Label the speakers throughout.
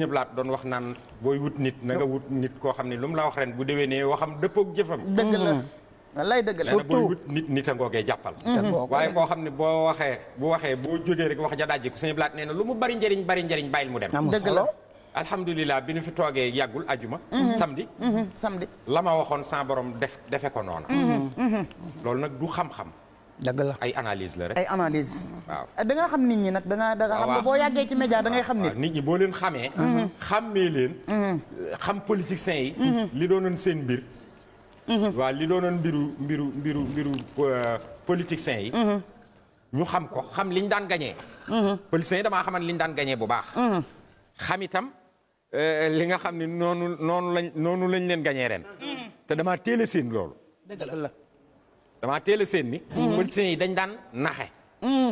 Speaker 1: ñëpp laat doon wax naan booy wut nit na wut nit koo xam ne lu mu la wax ren bu déwénee waxam dëppook jëfam dëgg la mm-hmm. wallaay dëgg la booy wut nit nit a ngoogee jàppal mm-hmm. waaye koo xam ne boo waxee bu waxee boo jógee rek wax ja dajji ko sëñ blaat nee na lu mu bari njëriñ bari njëriñ bàyyil mu dem dëgg la alhamdulilah bi nu fi toogee yàggul ajuma mm-hmm. samedi samedi la ma waxoon sans borom def defe ko noona loolu nag du xam-xam dëgg la ay analyse la rek ay analyse ah,
Speaker 2: da nga xam nit ñi nag da nga da nga xam ah, ne
Speaker 1: boo yàggee ci média da ngay xam nit ñi boo leen xamee mhm. xàmmee leen mhm. xam politiciens yi mhm. li doonoon seen mbir waaw li doonoon mbiru mbiru mbiru mbiru euh, politiciens yi ñu xam ko xam liñ daan gañee politiciens yi damaa xaman liñ daan gañee bu baax xam itam euh, li nga xam ne noonu noonu lañ noonu lañ leen gañee ren te damaa teel seen lool damaa teel a seen ni mm-hmm. politiciens yi dañ daan naxe mm-hmm.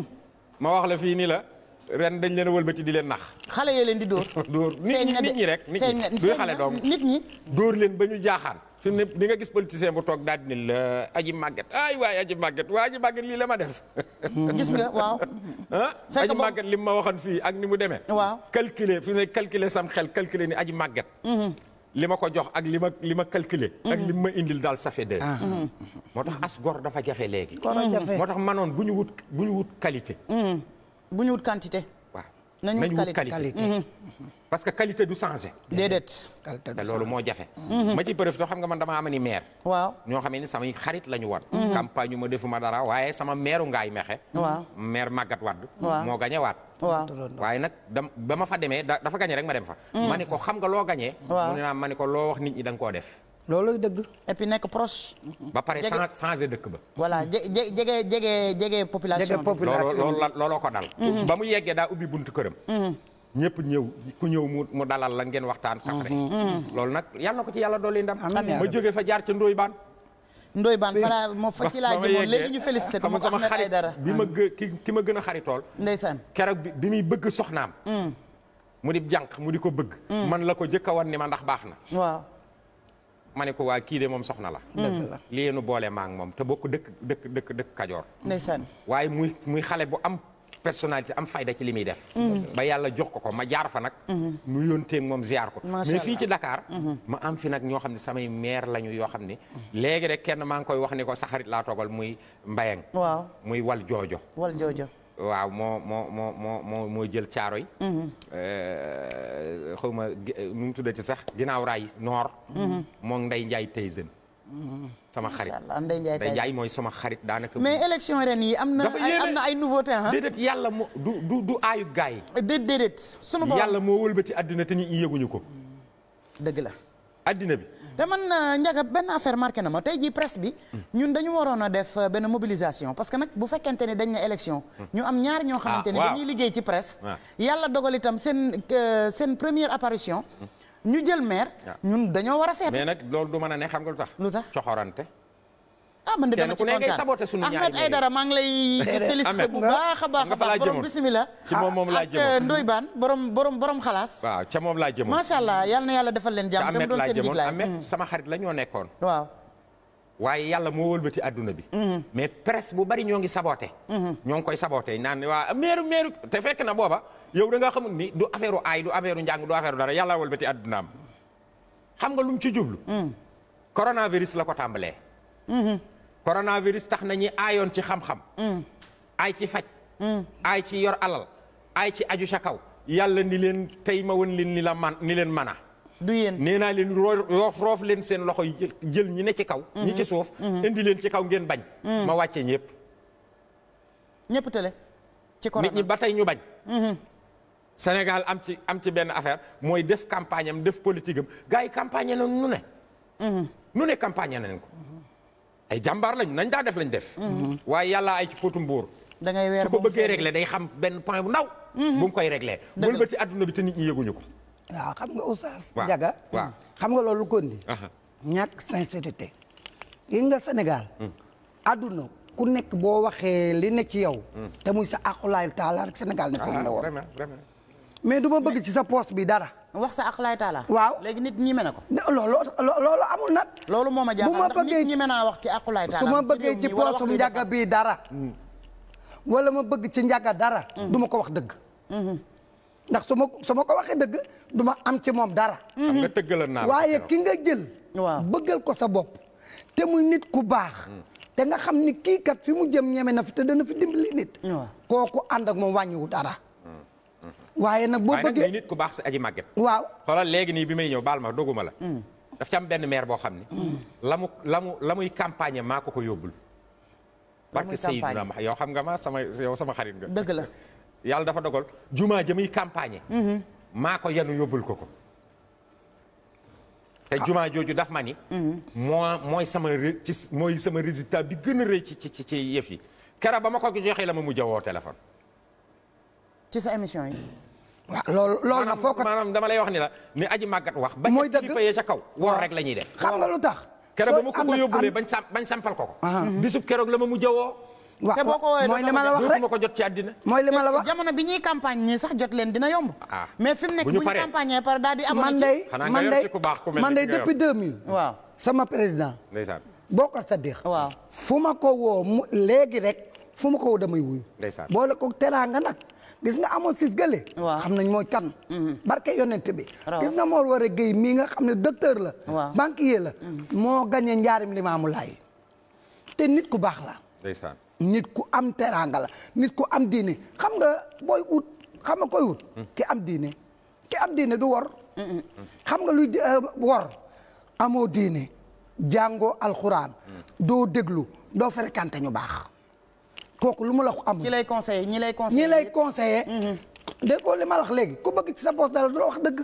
Speaker 1: ma wax la fii ni la ren dañ leen a wëlbati di leen nax xale yee leen di door door nit ñi rek nit ñi duy ñi dóor leen ba ñu jaaxaan fi ne di nga gis politicien bu toog daal di la aji màgget ay waay aji màgget waa aji màgget lii la ma def mm-hmm. gis nga waaw ah aji màgget li mu ma waxoon fii ak ni mu demee waaw calculer fi ne sam xel calculer ni aji màgget li ma ko jox ak li ma li ma calculer mm-hmm. ak li ma indil daal ça fait deux ah. mm-hmm. moo tax as gor dafa jafe léegi moo tax manoon bu ñu wut bu ñu wut qualité
Speaker 2: mm. bu ñu wut quantité waaw nañu wut qualité mm-hmm.
Speaker 1: parce que qualité du changé. déedéet qualité loolu moo jafe. ma ci profité xam nga man damaa ni maire. waaw ñoo xam ne samay xarit la ñu wan. Mhm. campagne yu ma defuma dara waaye sama maire ngaay mexe. maire Maguette Wade. moo gañe waat. waaye nag dam ba ma fa demee dafa gañe rek ma dem fa. Mhm. ma ne ko xam nga loo gañee. mu ne naa ma ne ko loo wax nit ñi dang koo def.
Speaker 2: loolu dëgg et puis nekk proche.
Speaker 1: ba pare changé dëkk ba.
Speaker 2: voilà je je jege jege jege population.
Speaker 1: looloo ko dal. Mhm. ba mu yeggee daa ubbi buntu këram. ñépp ñëw ku ñëw mu mu dalal la ngeen waxtaan kafre mm-hmm. mm-hmm. loolu nag yal na ko ci yàlla dolli ndam ma jóge fa jaar ca ndóoy baan ndóoy baan fara moo fa ci laa jëmoon sama xarit dara bi ma mm. ki ma gën a xaritool ndeysaan keroog bi bi muy bëgg soxnaam mm. mu di jànq mu di ko bëgg mm. man la ko jëkk a wan ni ma ndax baax na waaw ma ne ko waa kii de moom soxna la lii nu boole maa ngi moom te bokk dëkk dëkk dëkk dëkk kajoor ndeysaan waaye muy muy xale bu am personnalité am fayda ci li muy def mhm. ba yàlla jox ko ko ma jaar fa nag nu mhm. yónteeg moom ziar ko mais fii ci Dakar mhm. ma am fi nag ñoo xam ne samay maire lañu yoo xam ne léegi rek kenn maa ngi koy wax ni ko sa xarit laa toogal muy Mbayang muy wal joojo wal joojo waaw moo moo moo moo moo moo jël caaro yi euh, xaw ma nu tuddati sax ginnaaw raay noor moom Ndey Njaay Tyson sama xarit Ndeye Ndiaye Ndeye mooy sama xarit daanaka. mais
Speaker 2: élection ren yi am na ay am na ay nouveauté ah. déedéet
Speaker 1: yàlla moo du du du aayu gaay yi. déedéet sunu yàlla moo wëlbati addina te ñi yëguñu ko. dëgg la. addina bi.
Speaker 2: te man euh, Ndiaga benn affaire marqué na ma tey jii presse bi. ñun dañu waroon a def euh, benn mobilisation parce que nag bu fekkente ni dañ ne élection. ñu am ñaari ñoo ah, xamante ni dañuy liggéey ci presse. Ah. yàlla dogal itam seen euh, seen première apparition. ñu jël maire. Ah. ñun dañoo war a seet. mais
Speaker 1: nag loolu du mën a ne xam nga lu tax. lu tax coxorante.
Speaker 2: ah man de dama ci ku ne ngay saboté sunu ñaari Ahmed maa ngi lay félicité bu a baax a baax borom bisimilah. ci moom moom laa ah, jëmoon ak euh, Ndoye Bane
Speaker 1: borom borom borom xalaas. ca moom laa jëmoon macha allah yal
Speaker 2: na yàlla defal leen jàmm. te Ahmed laa jëmoon Ahmed
Speaker 1: mm. sama xarit la ñoo nekkoon. waaw. waaye yàlla moo wëlbati adduna bi. Mm-hmm. mais presse bu bari ñoo ngi saboté. Mm-hmm. ñoo ngi koy saboté naan waa meeru meeru te fekk na booba. yow da ngaa xamul ni du affaire aay du affaire njàng du affaire dara yàlla walbati addunaam xam nga lu mu ci jublu. Mm. coronavirus la ko tàmbalee. Mm-hmm. coronavirus tax na ñi aayoon ci xam-xam. Mm. aay ci faj. Mm. aay ci yor alal aay ci aju sa kaw. yàlla ni leen tey ma woon leen ni man ni leen mën a. du yéen nee naa leen roof roof leen seen loxo jël ñi ne ci kaw. ñi ci mm-hmm. suuf. Mm-hmm. indi leen ci kaw ngeen bañ. ma wàcce ñëpp. ñëpp tële ci nit ñi ba tey ñu bañ. Sénégal am ci am ci benn affaire mooy def campagne am def politique am gars yi campagne nañ nu ne. Mhm. nu ne campagne nañ ko. Mhm. ay jàmbaar lañ nañ daa def lañ def. Mhm. waaye yàlla ay ci potu mbuur. da ngay weer su ko bëggee réglé day xam benn point bu ndaw. bu mu koy réglé. dëgg la ci adduna bi te nit ñi yëguñu ko. waaw xam nga oustaz. waaw jaga xam nga loolu kon di ñàkk sincérité.
Speaker 2: yi nga Sénégal. Hmm. adduna ku nekk boo waxee li ne ci yow. Hmm. te muy sa akulaay taala rek Sénégal ne foog na woon. mais du ma bëgg ci sa poste bii dara. wax sa ak laay taala. waaw léegi nit ñi na ko. loolu loolu amul nag. loolu moo ma jaaxal ndax nit ñi naa wax ci ak laay taala. su ma bëggee ci poste mu njàgga bii dara. Mm. wala ma bëgg ci njàgga dara. Mm. du ma ko wax dëgg. Mm-hmm. ndax su ma su ma ko waxee dëgg du ma am ci moom dara. Mm-hmm. nga
Speaker 1: tëggal naa waaye ki
Speaker 2: nga jël. waaw bëggal ko sa bopp. te muy nit ku baax. Mm. te nga xam ni kii kat fi mu jëm ñeme na fi te dana fi dimbali nit. kooku ànd ak moom wàññiwu dara.
Speaker 1: waaye nag boo bëggee nit ku baax si aji màgget waaw xoolal léegi nii bi may ñëw baal ma ma la mm. daf ci benn maire boo xam ne mm. la mu la mu muy campagne maa ko ko yóbbul barke Seydina ma yow xam nga ma sama yow sama xarit nga dëgg la yàlla dafa dogal jumaa ja muy campagne mm-hmm. maa ko yanu yóbbul ko ko te ah. jumaa jooju daf ma ni mm-hmm. mooy sama ci mooy sama résultat bi gën a rëy ci ci ci yëf yi keroog ba ma ko joxee la ma mujj a woo ci sa émission yi waaw loolu loolu nag foo ko maanaam dama lay wax ni la ni aji màggat wax. mooy dëgg ba kilifa yee ca kaw wor rek la ñuy xam nga lu tax. keroog ba am ko ko yóbbulee bañ sam bañ sampal ko ko. Mm-hmm. bisub keroog la ma mujjee woo. te boo ko mooy li ma wax rek ko jot ci àddina. mooy li ma la wax
Speaker 2: jamono bi ñuy campagne ñi sax jot leen dina yomb.
Speaker 1: Ah. mais fi mu nekk bu ñu campagne
Speaker 2: par daal di. a man day man day man day depuis 2000. waaw sama président. ndeysaan Bokar Sadikh. waaw fu ma ko woo mu léegi rek fu ma ko woo damay wuyu. ndeysaan boole ko teraanga nag gis nga amoon sis gële xam nañ mooy kan mm-hmm. barke yonent bi gis nga Mor Waré Guèye mii nga xam ne docteur la banquier la mm-hmm. moo gagné njaarim limaamu laay te nit ku baax la nit ku am teraanga la nit ku am diine xam nga booy ut xam nga koy ut mm. ki am diine ki am diine du wor xam nga luy euh, wor amoo diine jàngoo alxuraan mm. doo déglu doo fréquenté ñu baax kooku lu ma la ko am ñi lay conseillé ñi lay conseillé ñi lay conseillé. Mhm. dégg nga li ma la léegi ku bëgg ci sa poos dara du la wax dëgg.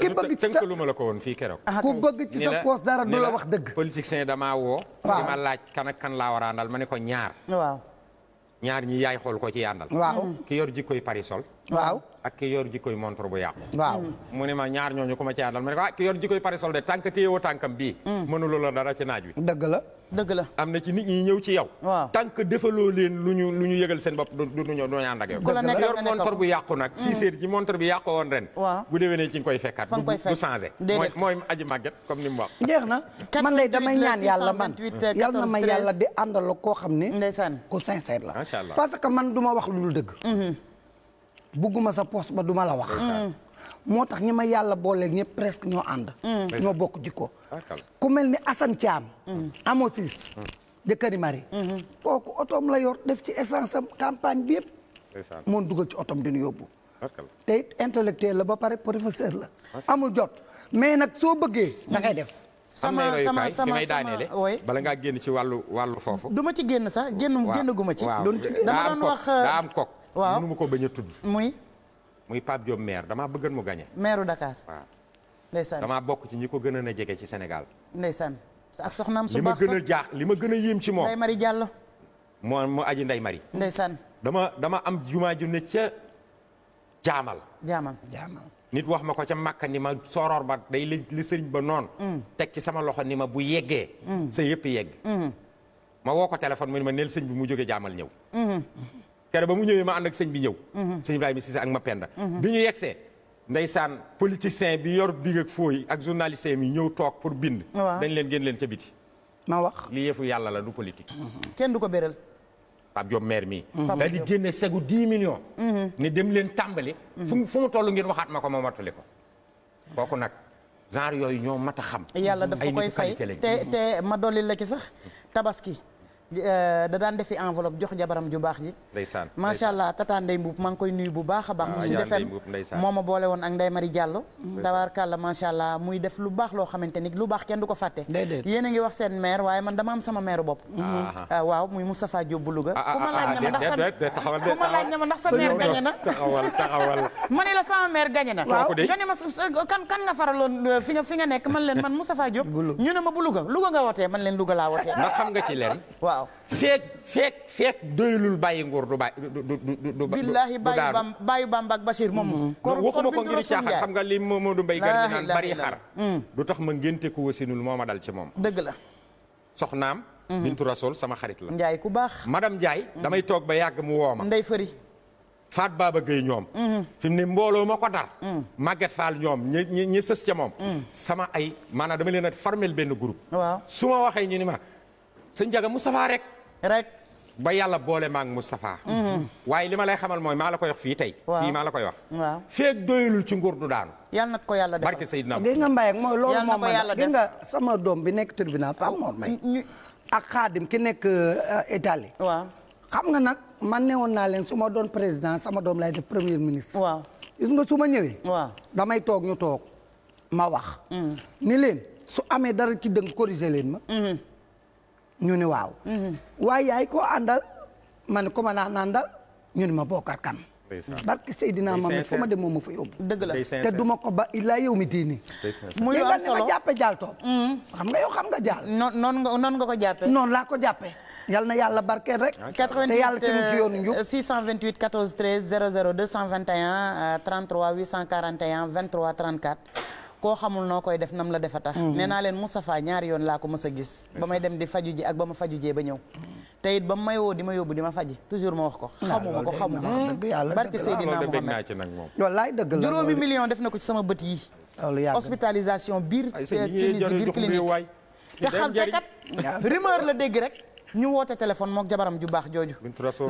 Speaker 1: ki bëgg ci sa lu ma la ko woon fii keroog.
Speaker 2: ku bëgg ci sa poos dara du la wax
Speaker 1: dëgg. politicien damaa woo. waaw di ma laaj kan ak kan laa war a àndal ma ne ko ñaar. waaw ñaar ñi yaay xool ko ci àndal. waaw mhm. ki yor jikkoy parisol. waaw ak ki yor jikkoy montre bu yàqu waaw mu ne ma ñaar ñooñu ku ma ci àndal ma ne ko ah ki yor jikkoy parasol de tànk téyewoo tànkam bii mm. mënuloo la dara ci naaj wi dëgg la am na ci nit ñi ñëw ci yow waaw tànk defaloo leen lu ñu lu ñu yëgal seen bopp du du ñëw doo ànd ak yow yor montre bu yàqu nag mm. si ji montre bi yàqu woon ren waaw bu déwénee ci nga koy du changé mooy mooy aji màgget comme ni mu wax
Speaker 2: jeex na man lay damay ñaan yàlla man euh, yal na ma yàlla koo xam ne ndeysaan ku sincère la parce que man du ma wax bugguma sa poste ba duma la wax mm. moo tax ñi ma yàlla booleel ñëpp presque ñoo ànd mm. ñoo bokk jikko ku mel ni Assane Thiam mm. amosis jëkkëri mari mm-hmm. kooku otoom la yor def ci essence am campagne bi yëpp moom dugal ci otoom dinu yóbbu te it la ba pare professeur la amul jot mais nag soo bëggee da ngay mm-hmm. def sama sama sama may daaneele
Speaker 1: bala ngaa génn ci wàllu wàllu foofu
Speaker 2: du ci génn sax génn génn gu ma ci dama doon
Speaker 1: wax euh, daa am kok waaw mënu ma ko bañ a tudd. muy. muy Pape Diop maire damaa bëggoon mu gagné.
Speaker 2: maire Dakar. waaw damaa
Speaker 1: bokk ci ñi ko gën a jege ci Sénégal.
Speaker 2: ndeysaan ak soxnaam su baax li ma gën a
Speaker 1: jaax li ma gën a yéem ci moom. Ndeye Marie Diallo. moo moo aji dama dama am jumaa ju ca jaamal. jaamal nit wax ma ko ca Makka ni ma soror ba day li sëriñ ba noon mm. teg ci sama loxo ni ma bu yeggee. Mm. sa yëpp yegg. Mm. ma woo ko téléphone mu ma neel sëñ bi mu jógee jaamal ñëw. Mm-hmm. kere ba mu ñëwee ma ànd ak sëñ bi ñëw mhm. sëñ Ibrahima Cissé ak Mapenda mhm. bi ñu yegsee ndeysaan politicien bi yor big ak fooy ak journaliste yi ñëw toog pour bind dañ leen génn leen ca biti ma wax li yëfu yàlla la du politique mhm. kenn du ko béral Pape Diop maire mii daal di génne segu 10 millions ne dem leen tàmbali fu fu mu toll ngeen waxaat ma ko ma matali ko kooku nag genre yooyu ñoo mat a xam yàlla daf ko koy fay te te
Speaker 2: ma dolli la ci sax tabaski Euh, da daan defi enveloppe jox jabaram ju baax ji ndeysaan macha allah tata Ndey Mbuub maa ngi koy nuyu bu baax a baax mu si defem moo ma boole woon ak Ndey Mari Diallo tabaarkàlla macha allah muy def lu baax loo xamante ni lu baax kenn du ko fàtte yéen a ngi wax seen maire waaye man dama am sama maire bopp ah, ah. Ah, waaw muy Moustapha Diop bu Louga ku ma
Speaker 1: laaj ne ma ndax sa sa maire gañe na taxawal
Speaker 2: ma ne na nga ne ma kan kan nga faraloon euh, fi nga fi nga nekk man leen man Moustapha Diop ñu ne ma bu Louga Louga nga wootee man leen Louga laa wootee xam nga ci
Speaker 1: leen waaw feek feek feek doyulul bàyyi nguur du bàyyi du du du du. billaahi bàyyi bam
Speaker 2: bàyyi bam ak Bachir moom. Mm-hmm. kon waxuma ko ngir caaxaan xam
Speaker 1: nga li Momadou Mbaye gar naan bari xar. Mm. du tax ma ngénte ko wasinul moo ma dal ci moom. dëgg la. soxnaam. Mm-hmm. Bintu Rasool sama xarit la.
Speaker 2: Ndiaye ku baax.
Speaker 1: madame Ndiaye. Mm-hmm. damay toog ba yàgg mu woo ma. ndey fëri. Faat baa Gueye ñoom. fi mbooloo ma ko dar. Mm. Maguette Fall ñoom ñi ñi ñi sës ca moom. Mm. sama ay maanaam dama leen a formel benn groupe. su ma waxee ñu ni ma. sëñ Njaga Moustapha rek. rek ba yàlla boole maag Moustapha. Mhm. waaye li ma lay xamal mooy maa la koy wax fii tey. fii maa la koy wax. waaw feeg ci nguur du daanu. yàlla na ko yàlla defal barke Seydina.
Speaker 2: gis nga Mbaye ak mooy loolu moom ma gis nga sama doom bi nekk tribunal Pa Mor Mbaye. ak xaadim ki nekk euh, Italie. waaw xam nga nag man ne naa leen su ma doon président sama doom lay def premier ministre. waaw gis nga su ma ñëwee. waaw damay toog ñu toog ma wax. Mm. ni leen su amee dara ci dëng corriger leen ma. Mm-hmm. ñu ni waaw. waaye yaay ko àndal ma ne ko ma naan àndal ñu ne ma Bokar Kane. barke Seydina Mohamed fu ma de moom ma fa yóbbu. dëgg la te du ma ko ba illaa yow mi
Speaker 3: diini. muy am solo ma
Speaker 2: jàppe jaal mm. nga yow xam nga jaal. noonu nga ko jàppee. noonu laa ko jàppee. yal na yàlla barkeel rek. te yàlla tamit ci yoonu njub 628 14 13 00 221 33 841 23 34. koo xamul noo koy def nam la defa tax mm-hmm. nee naa leen Moustapha ñaari yoon laa ko mës a gis ba may dem di faju ji ak ba ma faju jee ba ñëw mm-hmm. te it ba mu may woo di ma yóbbu di ma faji toujours ma wax ko xamuma ko xamuma barke Seydina
Speaker 1: Muhammad wallaay dëgg la juróomi
Speaker 2: million def na ko ci sama bët yi hospitalisation biir clinique biir clinique
Speaker 1: te xam te kat
Speaker 2: rumeur la dégg rek ñu woote téléphone mook jabaram ju baax jooju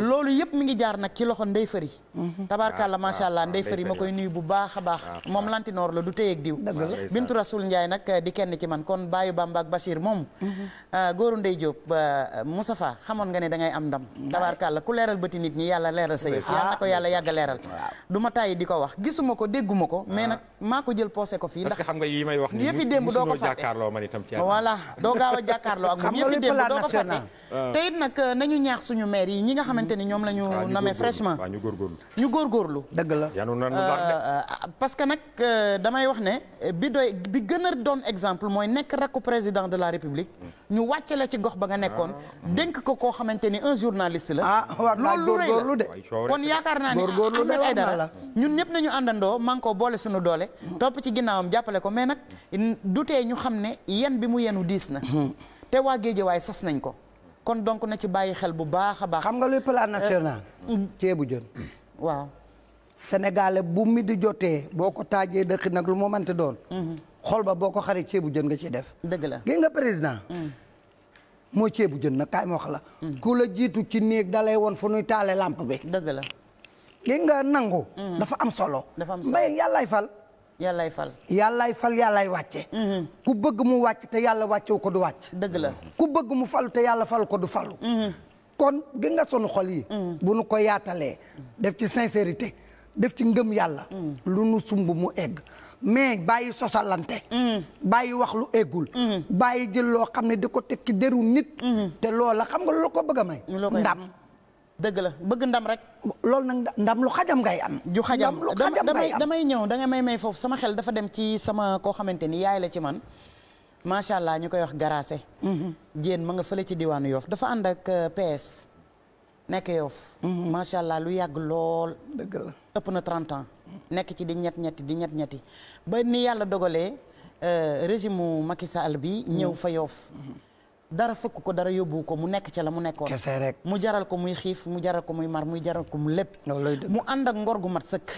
Speaker 2: loolu yëpp mi ngi jaar nag ci loxo ndey fëri mhm. tabaarkàlla ah, macha allah ndey fëri ma koy nuyu bu baax a baax ah, moom ah. lantinoor la du téyeeg diw bintu rasul njaay nag eh, di kenn ci man kon baayu bamba ak bachir moom mhm. eh, góoru ndey jóob eh, moustapha xamoon nga ne da ngay am ndam la ku leeral bëti nit ñi yàlla leeral sa yëf yàlla ko yàlla yàgg leeral du ma tàyyi di ko wax gisuma ko dégguma ko mais nag maa ko jël posé ko
Speaker 1: fii ndax xam nga yi may wax ni yëfi démb doo ko fàtte voilà doo gaaw a jàkkaarloo ak moom Ah. te it
Speaker 2: nag euh, nañu ñaax suñu maire yi ñi nga xamante ni ñoom lañu ah, ñu nommé fraîchement ah, ñu góorgóorlu ñu góorgóorlu dëgg la euh, euh, parce que nag damay wax ne bi doy bi gën a doon exemple mooy nekk rakku président de la république hmm. ñu wàcce la ci gox ba nga nekkoon dénk ko koo xamante ni un journaliste la ah loolu lu rëy la kon yaakaar naa ni Ahmed Aïdara ñun ñëpp nañu àndandoo man ko boole suñu doole hmm. topp ci ginnaawam jàppale ko mais nag du ñu xam ne yen bi mu yenu diis na hmm. te waa Géejawaay sas nañ ko kon donc na ci bàyyi xel bu baax a baax. xam nga luy plan euh, national. Mm. ceebu jën. waaw. Sénégalais bu mi di jotee boo ko taajee dëkk nag lu mu mënti doon. Mm-hmm. xol ba boo ko xaree ceebu jën nga ciy def. dëgg la gi nga président. Mm. moo ceebu jën nag kaay ma wax la. Mm. ku la jiitu ci néeg dalay woon fu nuy taale làmp bi. dëgg la. gi nga nangu. dafa am solo. dafa am solo mbay yàllaay fal. yàllaay fal yàllaay fal yàllaay wàcce mm-hmm. ku bëgg mu wàcc te yàlla wàccewu ko du wàcc dëgg la ku bëgg mu falu te yàlla fal ko du falu mm-hmm. kon gi nga sunu xol yi mm-hmm. bu nu ko yaatalee def ci sincérité def ci ngëm yàlla lu nu sumb mu egg mais bàyyi sosalante bàyyi wax lu eggul bàyyi jël loo xam ne di ko tekki deru nit te loola xam nga lu ko bëgg a may ndam dëgg la bëgg ndam rek. loolu nag ndam lu xajam ngay am. ju xajam ndam lu xajam ngay am damay ñëw danga may may foofu sama xel dafa dem ci sama koo xamante ni yaay la ci man macha allah ñu koy wax garaase. Mhm. jén ma nga fële ci diwaanu yoof dafa ànd ak euh, PS. nekk yoof mhm. macha allah lu yàgg lool. dëgg ëpp na 30 ans. nekk ci di ñett ñetti di ñett ñetti ba ni yàlla dogalee euh, régime mu Macky Sall bi ñëw mhm. fa yoof dara fëkk ko dara yóbbu ko mu nekk ca la mu nekkoon. kese rek mu jaral ko muy xiif mu jaral ko muy mar muy jaral ko mu lépp. mu ànd ak ngor gu mat sëkk.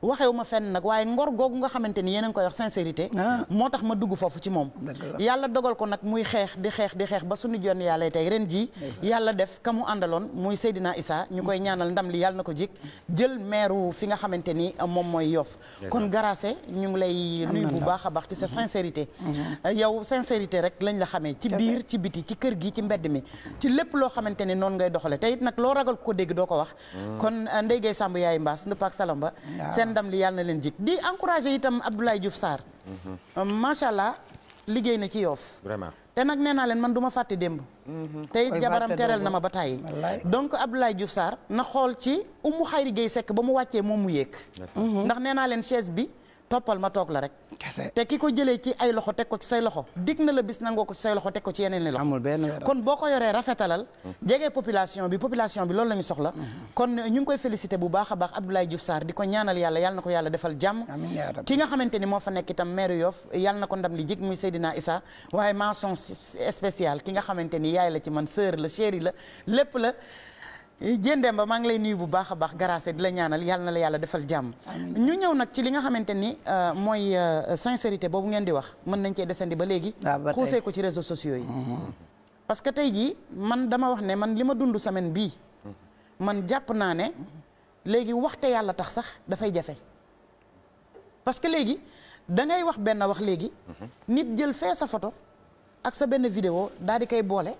Speaker 2: waxewu ma fenn nag waaye ngor googu nga xamante ni yéen ngi koy wax sincérité ah. moo tax ma dugg foofu ci moom yàlla dogal ko nag muy xeex di xeex di xeex ba suñu jonn yàlla tey ren jii yàlla def ka àndaloon muy Seydina Issa ñu koy ñaanal ndam li yàlla na ko jik jël meeru fi nga xamante ni moom mooy Yoff kon Garassé ñu ngi lay nuyu bu baax a baax ci sa mm-hmm. sincérité mm-hmm. Euh, yow sincérité rek lañ la xamee ci biir ci biti ci kër gi ci mbedd mi ci lépp loo xamante ni noonu ngay doxale tey it nag loo ragal ko dégg doo ko wax mm. kon euh, Ndeye Gueye Samb yaay mbaas ndëpp ak salamba ah. seen ndam li yàlla na leen jik di encouragé itam Abdoulaye Diouf Sarr
Speaker 3: mm-hmm.
Speaker 2: allah liggéey na ci yoof vraiment te nag nee naa leen man du ma fàtte démb
Speaker 3: mm-hmm. tey jabaram teral na ma ba tàyyi
Speaker 2: donc Abdoulaye Diouf Sarr na xool ci umu xayri Guèye ba mu wàccee moom mu yéeg ndax nee leen chaise bi toppal ma toog la rek. te ki ko jëlee ci ay loxo teg ko ci say loxo. dig na la bis nangoo ko ci say loxo teg ko ci yeneen i loxo. kon boo ko yoree rafetalal. jege population bi population bi loolu la ñu soxla. kon ñu ngi koy félicité bu baax a baax Abdoulaye Diouf Sarr di ko ñaanal yàlla yàlla na ko yàlla defal jàmm. ki nga xamante ni moo fa nekk itam maire Yoff yàlla ko ndam li jig muy Seydina Issa waaye mention spéciale ki nga xamante ni yaay la ci man sœur la chérie la lépp la. Eh, Diène Demba maa ngi lay nuyu bu baax a baax garaase di la ñaanal yàlla na la yàlla defal jàmm ñu ñëw nag ci li nga xamante ni euh, mooy euh, sincérité boobu ngeen di wax mën nañ cee desandi ba léegi ah, xuusee ko ci réseaux sociaux yi mm-hmm. parce que tey jii man dama wax ne man li ma dund semaine bii man jàpp naa ne léegi waxte yàlla tax sax dafay jafe parce que léegi da ngay wax benn wax léegi mm-hmm. nit jël fee sa photo ak sa benn vidéo daal di koy boole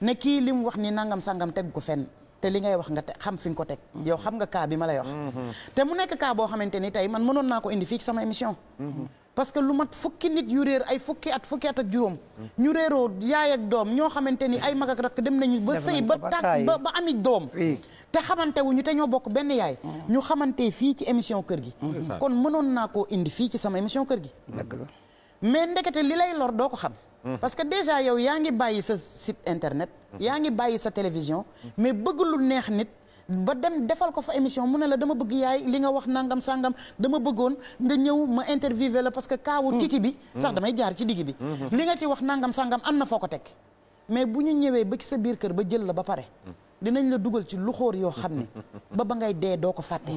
Speaker 2: ne kii li mu wax ni nangam sangam teg ko fenn te li ngay wax nga te xam fi ko teg mm-hmm. yow xam nga cas bi ma lay wax mm-hmm. te mu nekk cas boo xamante ni tey man mënoon naa ko indi fii ci sama émission mm-hmm. parce que lu mat fukki nit yu réer ay fukki at fukki at ak juróom ñu réeroo yaay ak doom ñoo xamante ni ay mag dem nañu ba sëy ba tàkk ba ami doom te xamante wuñu bokk benn yaay ñu xamante fii ci émission kër gi kon mënoon naa koo indi fii ci sama émission kër gi mais ndekete li lay lor doo ko xam parce que déjà yow yaa ngi bàyyi sa site internet. yaa ngi bàyyi sa télévision. mais bëgg lu neex nit. ba dem defal ko fa émission mu ne la dama bëgg yaay li nga wax nangam sàngam dama bëggoon nga ñëw ma interviewé la parce que kaawu titi bi. sax damay jaar ci digg bi. li nga ci wax nangam sangam am na foo ko teg. mais bu ñu ñëwee ba ci sa biir kër ba jël la ba pare. dinañ la dugal ci lu xóor yoo xam ne. ba ba ngay dee doo ko fàtte.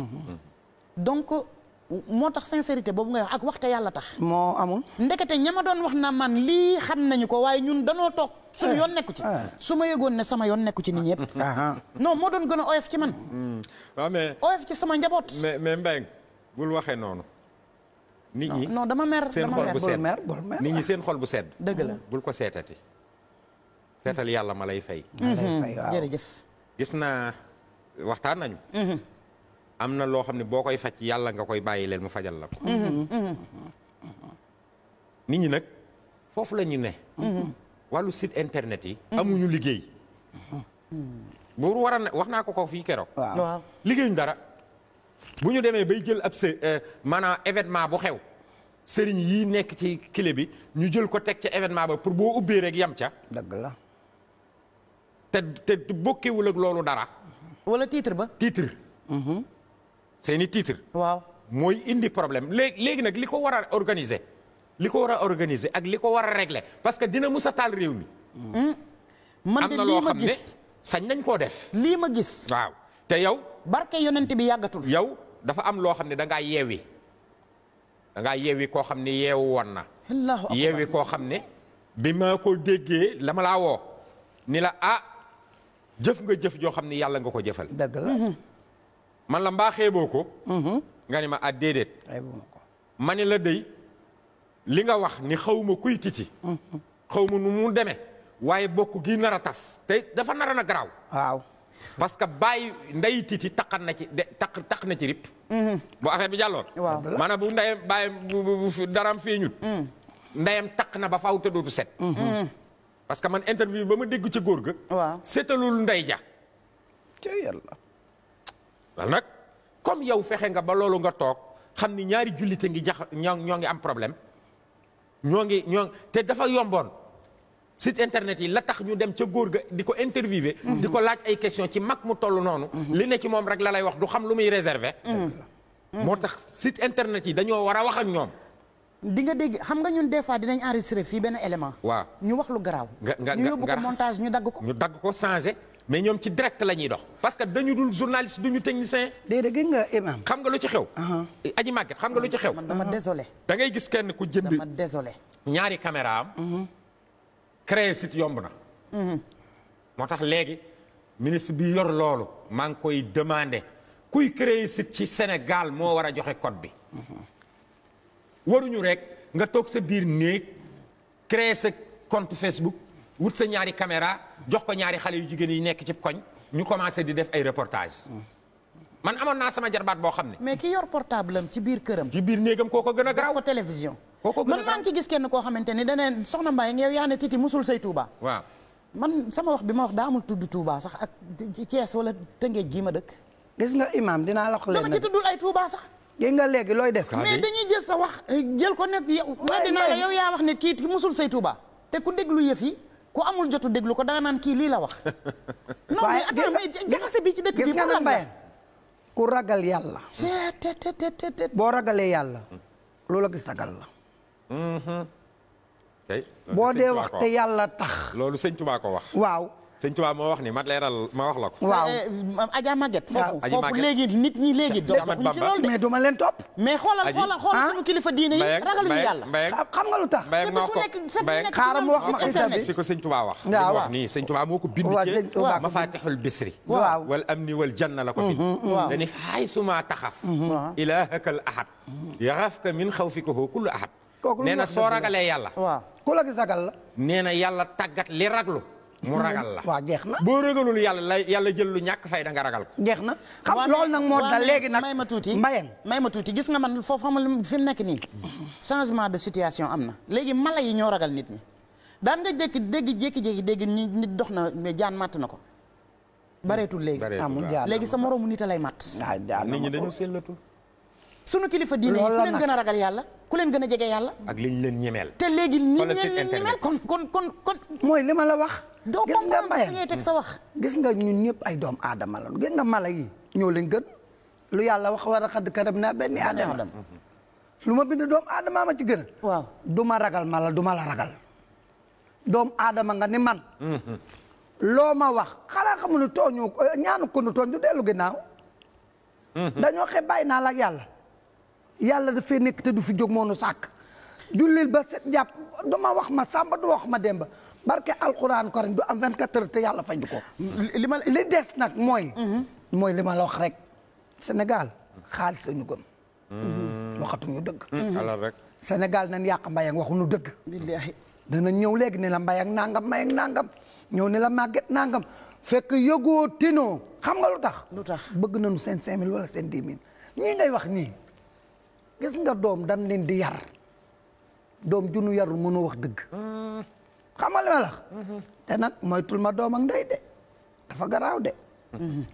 Speaker 2: moo tax sincérité boobu ngay wax ak waxte yàlla tax. moo amul. ndekete ña ma doon wax na man lii xam nañu ko waaye ñun danoo toog. suñu yoon nekku ci eh, eh. su ma yëgoon ne sama yoon nekku ci nit ñëpp. non moo doon gën a oyof ci man.
Speaker 1: Hmm. waaw mais ci sama njaboot. mais mais Mbengue bul waxee noonu. nit ñi non dama mer seen xol bu sedd nit seen xol bu sedd. dëgg la bul ko seetati. seetal yàlla ma lay fay. ma lay hmm, gis naa waxtaan nañu. Hmm. am na loo xam ne boo koy faj yàlla nga koy bàyyi leen mu fajal la ko mm-hmm.
Speaker 3: Mm-hmm. Mm-hmm.
Speaker 1: nit ñi nag foofu la ñu ne wàllu site internet yi amuñu liggéey buur war wax naa ko ko fii keroog waaw liggéeyuñ dara bu ñu demee bay jël ab se euh, événement bu xew sëriñ yi nekk ci kile bi ñu jël ko teg ci événement ba pour boo ubbee rek yam ca dëgg la te te bokkewul ak loolu dara wala titre ba titre seeni titre waaw mooy indi problème léegi léegi nag li ko war a organiser li ko war a organiser ak li ko war a régler parce que dina musa taal réew mi. Hmm. am na lii ma gis sañ nañ koo def. lii ma gis. waaw te yow. barke yonent bi yàggatul. yow dafa am loo xam ne da ngaa yeewi da ngaa yeewi koo xam ne yeew woon na. yeewi koo xam ne. bi ma ko déggee la ma laa woo. ni la ah jëf nga jëf joo xam ne yàlla nga ko jëfal. dëgg la. Mhm. man la mbaa xeeboo ko. Mm-hmm. nga ni ma ah déedéet. ma ni la dey li nga wax ni xaw ma kuy titi. Mm-hmm. xaw ma nu mu demee. waaye bokk gi nar a tas te dafa nara na garaaw. waaw parce que bàyyi nday titi taqan na ci de taq taq na ci rip. Mm-hmm. bu affaire bi jàlloon. waaw maanaam bu ndeyam bàyyi bu daraam feeñut. Mm. ndeyam taq na ba faw te dootu set. Mm. parce que man interview ba ma dégg ci góor ga. waaw seetalul ndey ja. wal nag comme yow fexe nga ba loolu nga toog xam ni ñaari jullite ngi jax ñoo ñoo ngi am problème ñoo ngi ñoo te dafa yomboon site internet yi la tax ñu dem ca góor ga di ko interviewé. Mhm. di ko laaj ay question ci mag mu toll noonu. Mhm. li ne ci moom rek la lay wax du xam lu muy réservé. Mhm. moo tax site internet yi dañoo war a wax ak ñoom. di
Speaker 2: nga dégg xam nga ñun des fois dinañ enregistré fii benn élément. waaw ñu wax lu garaaw. nga nga ñu yóbbu ko montage ñu dagg ko.
Speaker 1: ñu dagg ko changé. mais ñoom ci direct la ñuy dox parce que dañu dul journaliste duñu technicien. déedéet gis nga imam. xam nga lu ci xew. aji màgget xam nga lu ci xew. dama désolé. da ngay gis kenn ku jënd. dama désolé. ñaari caméra am. Mhm. créer site yomb na. Mhm. moo tax léegi ministre bi yor loolu maa ngi koy demandé kuy créer site ci Sénégal moo war a joxe code bi. Mhm. waruñu rek nga toog sa biir néeg créer sa compte Facebook wut sa ñaari caméra jox ko ñaari xale yu jigéen yi nekk ci koñ ñu commencé di def ay reportage man amoon naa sama jarbaat boo xam ne.
Speaker 2: mais ki yor portable am ci biir këram. ci biir néegam koo ko gën a garaaw ko télévision. koo ko gën man maa ngi ci gis kenn koo xamante ni daneen soxna Mbaye yow yaa ne titi musul say Touba. waaw man sama wax bi ma wax daa amul tudd Touba sax ak ci Thiès wala Tëngéej gii ma dëkk. gis nga imam dinaa la wax leen dama ci tuddul ay Touba sax. gis nga léegi looy def. mais jël sa wax jël ko nekk yow. dinaa yow yaa wax ne kii musul say Touba te ku déglu yëf yi ku amul jotu déglu ko danga naan kii lii la wax. non mais attends jaxase bi ci nekk bi. gis nga nag Mbaye ku ragal yàlla. boo ragalee yàlla. loola gis ragal la.
Speaker 1: Mm-hmm. boo dee wax te yàlla tax. loolu sëñ ko wax. waaw. sëñ Tuubaa moo wax ni ma leeral ma wax la ko. waaw eh,
Speaker 2: eh, Adja Maguette. foofu foofu léegi nit ñi léegi. doxuñ ci loolu de mais duma leen topp. mais xoolal xoolal xoolal ah. suñu kilifa diine yi ragaluñu yàlla.
Speaker 1: xam nga lu tax. mbay ma ko mbay xaaral ma wax ma internet si ko sëñ Tuubaa wax. waaw wax nii sëñ Tuubaa moo ko bind. waaw sëñ Tuubaa ma faatixul bisri. waaw wal amni wal janna la ko bind. waaw mm-hmm, mm-hmm. dañuy xaay suma taxaf. Mm-hmm. ilaahakal ahad. yaxafka min xawfikahu kullu ahad.
Speaker 2: kooku lu nee na soo ragalee yàlla. waaw ku la gis ragal la.
Speaker 1: nee na yàlla tàggat li raglu mu mm-hmm. ragal la waaw jeex na boo ragalul yàlla la yàlla jël lu ñàkk fay danga nga ragal ko.
Speaker 2: jeex na xam loolu nag moo dal léegi nag may ma tuuti mbayam may ma tuuti gis nga man foofu xam fi mu nekk nii changement de situation am na léegi mala yi ñoo ragal nit ñi daan nga dégg dégg jékki-jékki dégg nit dox na mais matt na ko bareetul léegi amul léegi sa moroomu nit lay matt
Speaker 1: nit ñi dañu sellatul
Speaker 2: sunu kilifa diine yi ku leen gën a ragal yàlla ku leen gën a jege yàlla.
Speaker 1: ak liñ leen ñemeel. te
Speaker 2: léegi nii leen ñemeel kon kon kon kon. mooy li ma la wax. gis nga mbayam teg sa wax. gis nga ñun ñëpp ay doom aadama la gis nga mala yi ñoo leen gën lu yàlla wax war a xadd karam naa benn aadama lu ma bind doom aadama ma ci gën. waaw du ma ragal mala du ma la ragal. doom aadama nga ni man. Mhm. loo ma wax xanaa xamu ne tooñu ñaanu ko nu tooñ du dellu ginnaaw. Mhm. dañoo xe bàyyi naa la yàlla. yàlla dafay nekk te du fi jóg moonu sàkk jullil ba set jàpp duma wax ma sàmba du wax ma demba barke alxuraan karim du am 24 heures te yàlla faj ko. li ma li des nag mooy. mooy li ma la wax rek. Sénégal xaalis la ñu gëm.
Speaker 3: waxatuñu dëgg. Mm-hmm. alal rek.
Speaker 2: senegal nañ yàq mbayang waxuñu dëgg. billaahi dana ñëw léegi ne la mbayang nangam mbayang nàngam ñëw ne la màgget nangam fekk yëgoo noo xam nga lu tax. lu tax bëgg nañu seen 5000 wala seen 10 000 ñii ngay wax nii. gis nga doom dañ leen di yar doom junu yarul mënoo wax dëgg xamal ma la te nag ma doom ak ndey de dafa garaaw de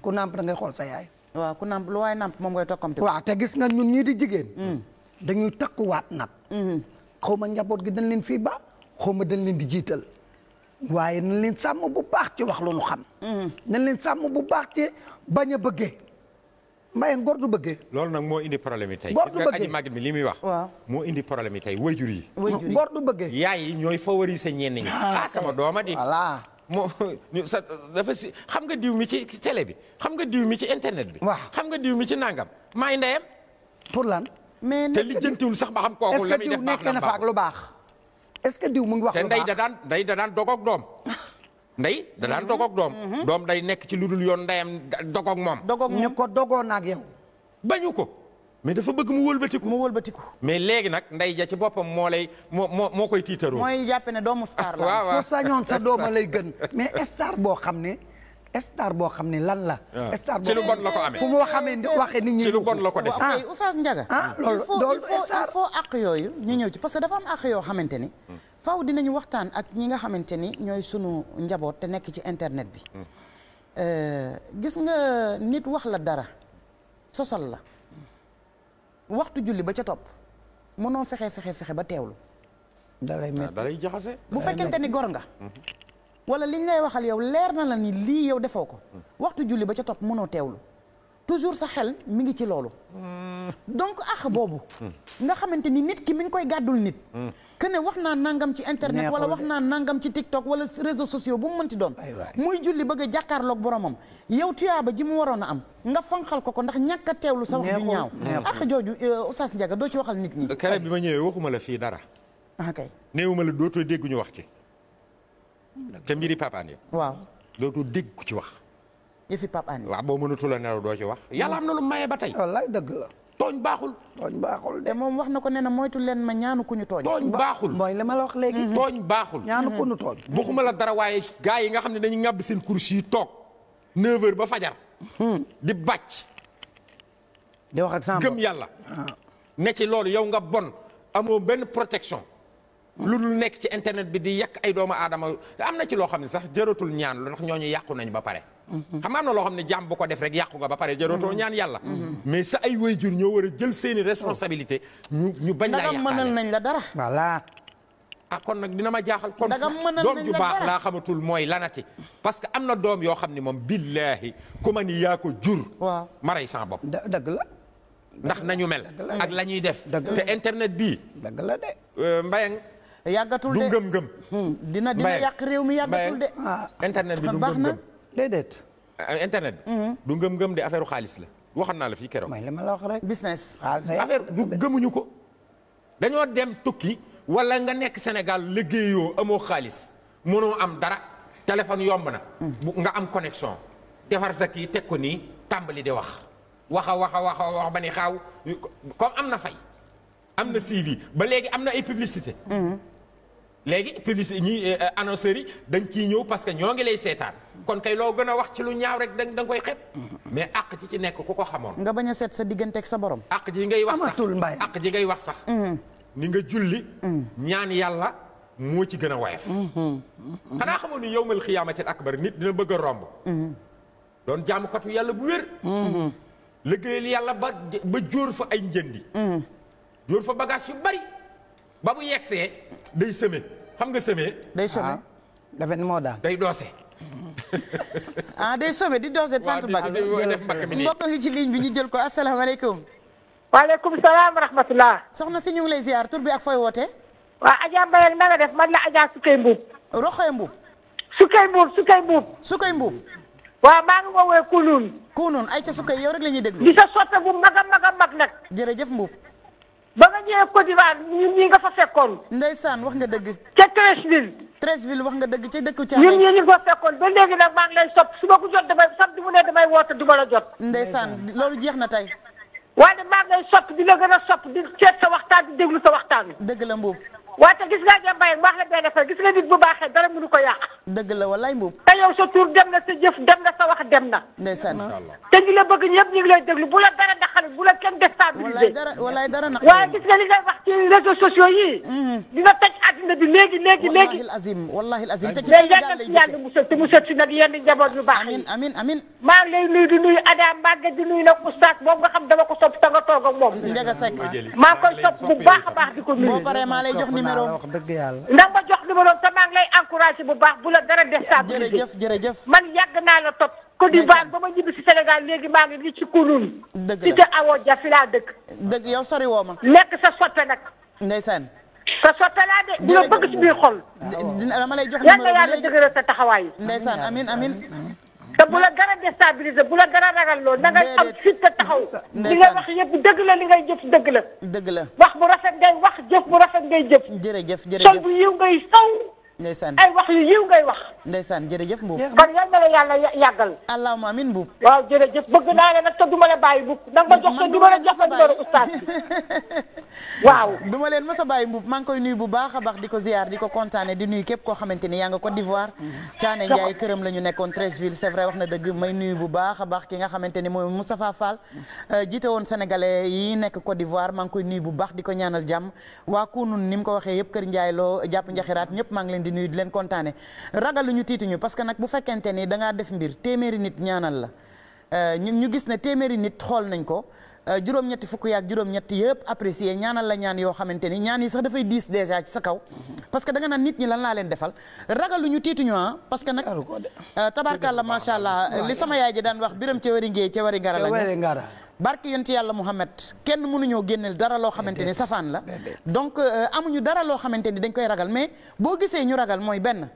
Speaker 2: ku nàmp da ngay xool sa yaay waaw ku nàmp lu waaye nàmp moom ngay tokkamte waaw te gis nga ñun ñii di jigéen mm. dañuy takkuwaat nag mm-hmm. xaw ma njaboot gi dañ leen fii ba xaw ma dañ leen di jiital waaye nañ leen sàmm bu baax ci wax lu ñu xam mm-hmm. nañ leen sàmm bu baax ci bañ a maye
Speaker 1: ngor du bëggee. loolu nag moo indi problème yi tey. ngor du bëggee gis mi li muy wax. waaw moo indi problème yi tey wayjur yi. wayjur yi ngor bëggee. yaay yi ñooy favoriser ñenn ñi. ah, ah sama dooma di voilà. moo sa dafa si xam nga diw mi ci télé bi xam nga diw mi ci internet bi. waa xam nga diw mi ci nangam. maay ndeyam. pour lan. mais te lijjantiwul sax ba xam kooku la muy def baax na na fa ak lu baax. est-ce que diw mu ngi wax lu baax te ndey da daan doom. ndey da daan dogoog doom. Mm-hmm. Mm-hmm. doom day nekk ci lu dul yoon ndayam dogoog moom. dogoog ne ko dogoo na ak yow. bañu ko mais dafa bëgg mu wëlbatiku. mu wëlbatiku mais léegi nag ndey ja ci boppam moo lay moo moo moo koy tiitaroo. mooy jàpp ne doomu star la. waaw waaw ku sañoon sa dooma lay gën mais
Speaker 2: star boo xam ne. star boo xam ne lan la.
Speaker 1: Ah. star boo ci lu bon la ko amee fu mu
Speaker 2: xamee waxee nit ñi ci lu bon la ko defee ah Oustaz Ndiaga. ah loolu il faut il faut ak yooyu ñu ñëw ci parce que dafa am ak yoo xamante ni. Hmm. faaw dinañu waxtaan ak ñi nga xamante ni ñooy sunu njaboot te nekk ci internet bi. Mm. Euh, gis nga nit wax la dara sosal la waxtu julli ba ca topp mënoo fexe fexe fexe ba teewlu.
Speaker 1: dalay métti ah, dalay jaxase. bu fekkente ni gor nga. Mm-hmm.
Speaker 2: wala liñ lay waxal yow leer na la ni lii yow defoo ko. Mm. waxtu julli ba ca topp mënoo teewlu. toujours sa xel mi ngi ci loolu. donc ax boobu. nga xamante ni nit ki mi ngi koy gàddul nit. que ne wax naa nangam ci internet. wala wax naa nangam ci TikTok wala réseaux sociaux bu mu mënti doon. muy julli bëgg a jàkkaarloog boromam. yow tuyaaba ji mu waroon a am nga fanqal ko ko ndax ñàkk a teewlu sa wax ju ñaaw. ax jooju euh, Oustaz Ndiaga doo ci waxal nit
Speaker 1: ñi. keroog bi ma ñëwee waxuma la fii dara. ah kay néewuma la dootoo dégg ñu wax ci. ca mbiri papaan yi. waaw dootoo dégg ku ci wax. yëfi Pape Ané. waaw boo mënatul a nelaw doo ci wax. yàlla am na lu maye
Speaker 4: ba tey. wallaay dëgg
Speaker 2: la. tooñ baaxul. tooñ baaxul de moom wax na ko nee na moytu leen ma ñaanu ku ñu tooñ.
Speaker 1: tooñ baaxul mooy li ma la wax léegi. Mm-hmm. tooñ baaxul. ñaanu ku ñu mm-hmm. tooñ. bokkuma dara waaye gars yi nga xam ne dañuy ŋàbb seen kursi yi toog 9h ba fajar. Mm-hmm. di bàcc. di wax ak sàmm gëm yàlla. Ah. ne ci loolu yow nga bon amoo benn protection. Mm. lu dul nekk ci internet bi di yekk ay doomu aadama am na ci loo xam ne sax jëratul ñaan lu ndax ñu yàqu nañu ba pare. Mm-hmm. xam nga am na loo xam ne jàmm bu ko def rek yàqu nga ba pare jërootoo mm-hmm. ñaan yàlla mm-hmm. mais sa ay waajur ñoo war a jël seeni responsabilité ñu ñu bañ laa yàqaale mënal nañ la dara voilà ah kon nag dina ma jaaxal kon doom ju baax laa xamatul mooy lanati parce que am na doom yoo xam ne moom billaahi ku ma ni yaa ko jur waaw maray sans bopp dëgg la ndax nañu mel ak la ñuy def te internet bii dëgg la de euh, mbayang yàggatul de du ngëm-ngëm hmm, dina dina
Speaker 3: ah.
Speaker 2: internet
Speaker 1: bi du ngëm-ngëm déedéet. Euh, internet bi. Mhm. du ngëm-ngëm de affaire xaalis la waxoon naa la fii keroog. mooy li ma la wax rek business. affaire du gëmuñu ko. dañoo dem tukki wala nga nekk Sénégal liggéeyoo amoo xaalis mënoo am dara téléphone yomb na. Mhm. nga am connexion. defar sa kii teg ko nii tàmbali di wax. waxa waxa waxa wax ba ni xaaw comme am na fay. am na suivi ba léegi am na ay publicité. Mhm. léegi publicité ñi euh, euh, annonceurs yi dañ ciy ñëw parce que ñoo ngi lay seetaan kon kay loo gën a wax ci lu ñaaw rek da nga koy xeeb mais àq ji ci nekk ku ko xamoon nga bañ a seet sa digganteeg sa borom àq ji ngay wax sax àq ji ngay wax sax mm. ni nga julli mm. ñaan yàlla moo ci gën a woyof mm-hmm. Mm-hmm. xanaa xamoon ni yowmal xiyaamatil akbar nit dina bëgg a romb mm-hmm. doon jaamukatu yàlla bu wér liggéeyal yàlla ba ba jóor fa ay njëndi jóor fa bagage yu bari ba bu yegsee day sëme xam nga semé. day semé ah.
Speaker 2: dafa moo daan day doose. ah day semé di doose tàntu mbagg. mbokk ngi ci ligne bi ñu jël ko asalaamaaleykum. waaleykum salaam wa rahmatulah. soxna si ñu ngi lay ziar tur bi ak fooy wootee. waa Adja Mbaye na nga def man la Adja Sukay Mbuub. Roxoy Mbuub. Sukay Mbuub Sukay Mbuub. Sukay Mbuub. waaw maa ngi ay ca Sukay yow rek la ñuy déglu. di sa sotte bu mag a mag a mag nag. jërëjëf ba nga ñëwee Côte d'Ivoire ñun ñi nga fa fekkoon. ndeysaan wax nga dëgg. ca Treichville. Treichville wax nga dëgg ca dëkku Thiamène. ñun ñii ñu ko fekkoon ba léegi nag maa ngi leen sopp su ma ko jot damay sopp di mu ne damay woote du ma la jot. ndeysaan loolu jeex na tey. waaye maa ngi lay sopp di la gën a sopp di seet sa waxtaan di déglu sa waxtaan. dëgg la Mbow. waaye te gis ngaa jàmbaay ak baax la day defal gis nga nit bu baaxee dara mënu ko yàq. dëgg la walaay moom. te yow sa tur dem na sa jëf dem na sa wax dem na. ndeysaan te ñu la bëgg ñëpp ñu ngi lay déglu bu la dara ndaxal bu la kenn déstabilisé. walaay dara walaay dara nag. waaye gis nga li ngay wax ci réseaux sociaux yi. Mm-hmm. dina tëj àddina bi léegi léegi léegi. wallaahi azim wallaahi azim te ci Sénégal lay jotee yàlla musal te musal si nag yenn njaboot yu baax yi. amiin amiin amiin. maa ngi lay nuyu di nuyu Ada Mbaga di nuyu nag oustaz moom nga xam dama ko sopp te nga toog ak moom. Njaga Seck maa ngi koy sopp bu baax a baax di ko nuyu. boo paree maa lay jox ni numéro dëgg yàlla ndax ma jox numéro ma maa ngi lay encouragé bu baax bu la dara def saa jërëjëf jërëjëf man yàgg naa la topp Côte d'Ivoire ba ma ñibbi si Sénégal léegi maa ngi li ci kunun dëgg la ci te awoo ja fi laa dëkk dëgg yow sori woo ma nekk sa soppe nag ndeysaan sa soppe laa de dina bëgg si biir xol dama lay jox numéro yàlla yàlla dëgëral sa taxawaay ndeysaan amin amin te bu la dara déstabiliser bu la dara ragal lool da ngay am fit taxaw li nga wax yëpp dëgg la li ngay jëf dëgg la dëgg la wax bu rafet ngay wax jëf bu rafet ngay jëf jërëjëf jërëjëf sol bu yiw ngay ndeysaan ay wax yu yiw ngay wax. ndeysaan jërëjëf Mbuub. kon yal na la yàlla yàggal. allahumma amiin Mbuub. waaw jërëjëf bëgg naa la nag te du ma la bàyyi Mbuub. nag ma leen mës a bàyyi Mbuub maa ngi koy nuyu bu baax a baax di ko ziar di ko kontaane di nuyu képp koo xamante ni yaa nga Côte d'Ivoire. Mm-hmm. Thiané Ndiaye këram la ñu nekkoon Treichville c'est vrai wax na dëgg may nuyu bu baax a baax ki nga xamante ni mooy Moustapha Fall. Mm-hmm. Euh, jiite woon sénégalais yi nekk Côte d'Ivoire maa ngi koy nuyu bu baax di ko ñaanal jàmm waa kunun ni mu ko waxee yëpp kër Ndiaye jàpp njaxiraat ñëpp maa ngi leen di nuyu di leen kontaane ragalu ñu tiituñu parce que nag bu fekkente ni da def mbir téeméeri nit ñaanal la euh, ñu ñu gis ne téeméeri nit xool nañ ko Euh, juróom-ñetti fukk yaak juróom-ñetti yëpp apprécier ñaanal la ñaan yoo xamante ni ñaan yi sax dafay diis déjà ci sa kaw parce que da nga nit ñi lan laa leen defal ragalu ñu tiituñu ah parce que nag euh, la macha allah li sama yaay ji daan wax biram ci wari ngéey ci wari ngara la barke yonti yàlla Muhammad kenn mënuñoo génneel dara loo xamante ni safaan la donc euh, amuñu dara loo xamante ni dañ koy ragal mais boo gisee ñu ragal mooy benn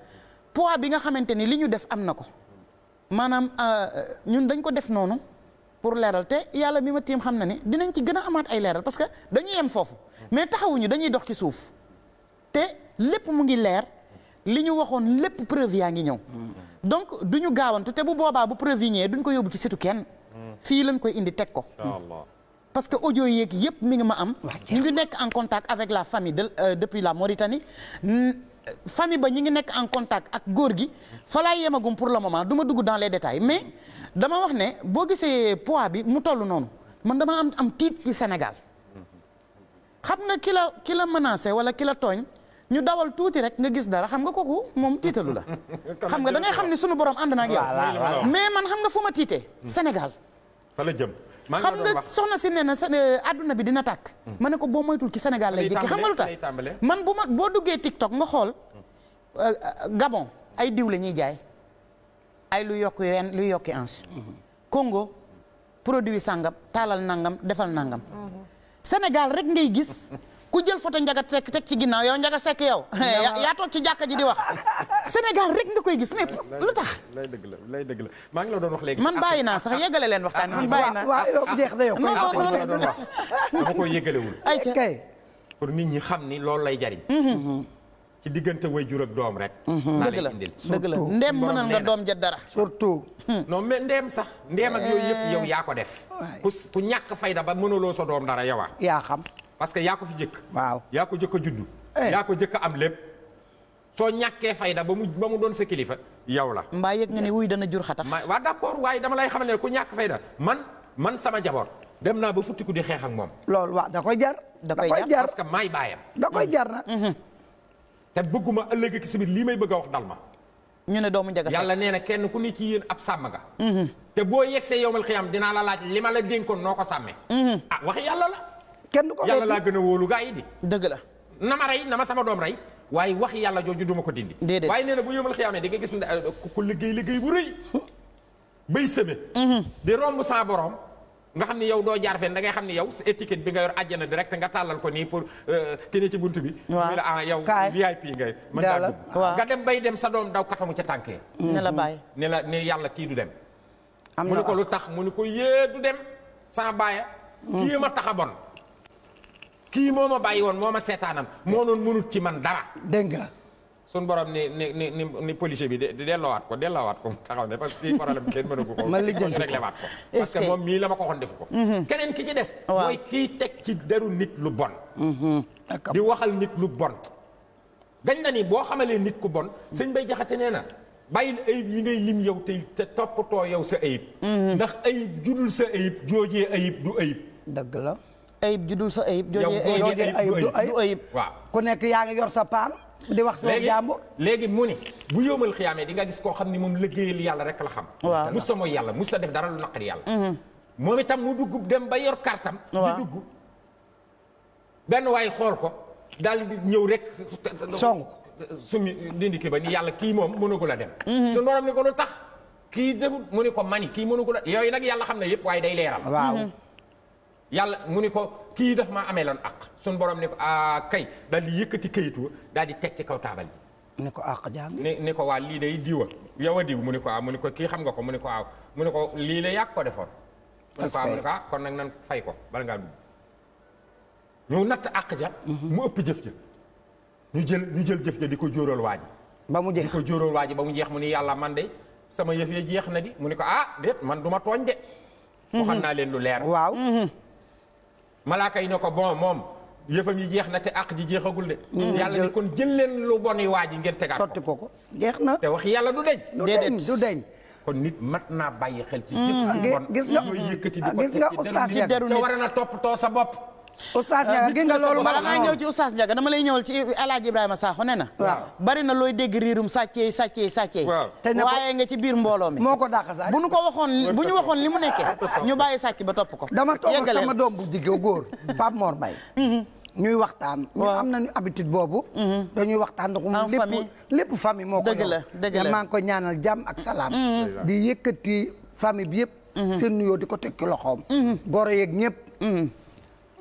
Speaker 2: poids bi nga xamante ni li ñu def am na ko maanaam ñun dañ ko def noonu pour leeral te yàlla mi ma tiim xam na ni dinañ ci gën a amaat ay leeral parce que dañuy yem foofu mais taxawuñu dañuy dox ci suuf te lépp mu ngi leer li ñu waxoon lépp preuve yaa ngi ñëw donc du ñu gaawantu te bu boobaa bu preuve yi duñ ko yóbbu ci situ kenn fii lañ koy indi teg ko parce que audio yeeg yëpp mi ngi ma am ñu ngi nekk en contact avec la famille de euh, depuis la Mauritanie famille ba ñu ngi nekk en contact ak góor gi fa laay yemagum pour l moment du ma dugg dans les détails mais dama wax ne boo gisee poids bi mu toll noonu man dama am am tiit fi Sénégal xam nga ki la ki la menacé wala tooñ ñu dawal tuuti rek nga gis dara xam nga kooku moom tiitalu la. xam nga da ngay xam ni sunu borom ànd na ak mais man xam nga fu ma tiite hmm. Sénégal.
Speaker 1: fa la jëm. xam nga
Speaker 2: soxna si ne na àdduna euh, bi dina takk hmm. ma ne ko boo moytul ci Sénégal lay jëkki xam nga lu tax man bu ma boo duggee TikTok nga xool euh, Gabon ay diw la jaay. ay lu yokk yeen lu yokki ange Congo produit sangam taalal nangam defal nangam Sénégal rek ngay gis ku jël photo njaga tek ci ginnaaw yow njaga sekk yow yaa ci jàkka ji di wax Sénégal rek nga koy gis mais lu tax
Speaker 1: lay dëgg la lay dëgg maa ngi la doon wax léegi man bàyyi naa sax yégale leen waxtaan man ah, bàyyi naa na yow non non non ay pour nit ñi xam ni loolu lay jariñ mm-hmm. ci diggante waajur ak doom rek. dëgg la dëgg la mënal nga doom ja dara. surtout. Hmm. non mais ndéem sax ndéem ak yooyu yëpp yaa ko def. ku ku ñàkk fayda ba mënaloo sa doom dara yow yaa xam parce que yaa ko fi jëkk. waaw yaa ko jëkk a judd. Eh. yaa ko jëkk am lépp. soo ñàkkee fayda ba mu ba mu doon sa kilifa yow la. mbaa yëg nga ne wuy dana jur xatax. ma waa d'accord waaye dama lay xamal ne ku ñàkk fayda man man sama jaboot dem naa ba futti ku di xeex ak moom. loolu waaw da koy jar. da koy jar parce que baayam. da koy jar na. Mm-hmm. te bëgguma ëllëg ak si biir lii may bëgg a wax dal ma. ñu ne doomu njaga yàlla nee na kenn ku ne ci yéen ab sàmm nga. Mhm. te boo yegsee yowmal xiyam dinaa la laaj li ma la dénkoon noo ko sàmmee. Mhm. ah wax yàlla la. kenn du ko yàlla laa gën a wóolu gaa yi di. dëgg la na ma rey na ma sama doom rey. waaye wax yàlla jooju duma ko dindi. déedéet waaye nee na bu yowmal xiyam ne di nga gis ku liggéey liggéey bu rëy. bay sëme. Mhm. di romb sa borom. nga xam ni yow doo jaar fenn da xam ni yow sa étiquette bi nga yor àjjana direct nga tàllal ko nii pour euh, ki ne ci bunt bi. waaw la ah yow. VIP ngay mën naa dugg nga dem bay dem sa doom daw katamu ca tànkee. ne la bàyyi mm-hmm. ne la ne yàlla kii du dem. am mu ne ko lu tax mu ne ko yee du dem sans bàyyi. Mm. kii ma tax a bon. kii moo ma bàyyi woon moo ma seetaanam moo noon mënut ci man dara. dégg nga. suñu borom ni ni ni ni policier bi de delloowaat ko delloowaat ko mu taxaw ne parce que problème waat ko. parce moom mii la ma ko waxoon ko. Mhm. keneen ki ci des. waaw kii teg ci deru nit lu bon. Mhm. di waxal nit lu bon. gañ na ni boo xamalee nit ku bon. sëñ bay jaxate nee na. bàyyil ayib yi ngay lim yow te te toppatoo yow sa ayib. Mhm. ndax ayib judul sa ayib joojee ayib du ayib. dëgg la ayib judul sa ayib. joojee ayib du ayib waaw
Speaker 2: ku nekk yaa ngi yor sa paan. di wax soo jàmbur
Speaker 1: léegi mu ni bu yóomal xiyaamee di nga gis koo xam ni moom liggéeyal yàlla rek la xam waaw musta mooy yàlla musta def dara lu naqari yàlla mm-hmm. moom itam mu dugg dem ba yor kartam di dugg benn waay xool ko daal ñëw rek song sumi dindi ki ba ni yàlla kii moom mënagul a dem mm-hmm. suñu borom ni ko lu tax kii defut mu ni ko mani kii mënagul a yooyu nag yàlla xam na yëpp waaye day leeral waaw mm-hmm. yàlla mu ni ko kii daf ma amee lan àq suñ borom ne ko a ah, kay daal di yëkkati kayit wa daal di teg ci kaw taabal ji.
Speaker 2: ni ko àq jàng
Speaker 1: ni ko waa lii day diwa yow a diw mu ni ko ah mu ni ko kii xam nga ko mu ni ko ah, mu ni ko lii la yàq ko defoon. mu ni ah, kon nag nan fay ko bala ngaa àq ja. Mhm. mu jëf ja. ñu jël ñu jël jëf ja di ko jóoral waa ba mu jeex di ko waa ji ba mu jeex mu ni yàlla man de sama yëf ya jeex na di mu ni ko ah déet man du ma tooñ de. Mhm. waxoon naa leen lu leer. malaaka yi ne ko bon moom yëfam yi jeex na te àq ji jeexagul de. Mm. yàlla ni kon jël leen lu bon yi waa ji ngeen tegaat ko sotti ko ko jeex na. te wax yàlla du deñ. déedéet du deñ kon nit mat naa bàyyi xel. ci mm. gis nga gis nga gis nga oustaz ci deru nit te war na toppatoo sa bopp. Oustaz Ndiaga ah, gis nga loolu bala maa ñëw ci
Speaker 2: Oustaz Ndiaga dama lay ñëwal ci El Hadj Ibrahima Sakho ne na bari na looy dégg riirum sàccee sàccee sàccee waaye nga ci biir mbooloo mi moo ko dàq sax bu nu ko waxoon bu ñu waxoon li mu nekkee ñu bàyyi sàcc ba topp ko dama toog sama doom bu jigéen góor Pape Mor Mbaye mhm. ñuy waxtaan ñu am nañu habitude boobu mhm. dañuy waxtaan ndax mu lépp lépp famille moo ko dëgg la dëgg maa ngi ko ñaanal jàmm ak salaam mhm. di yëkkati fami bi yëpp seen nuyoo di ko teg ki loxoom goro yeeg ñëpp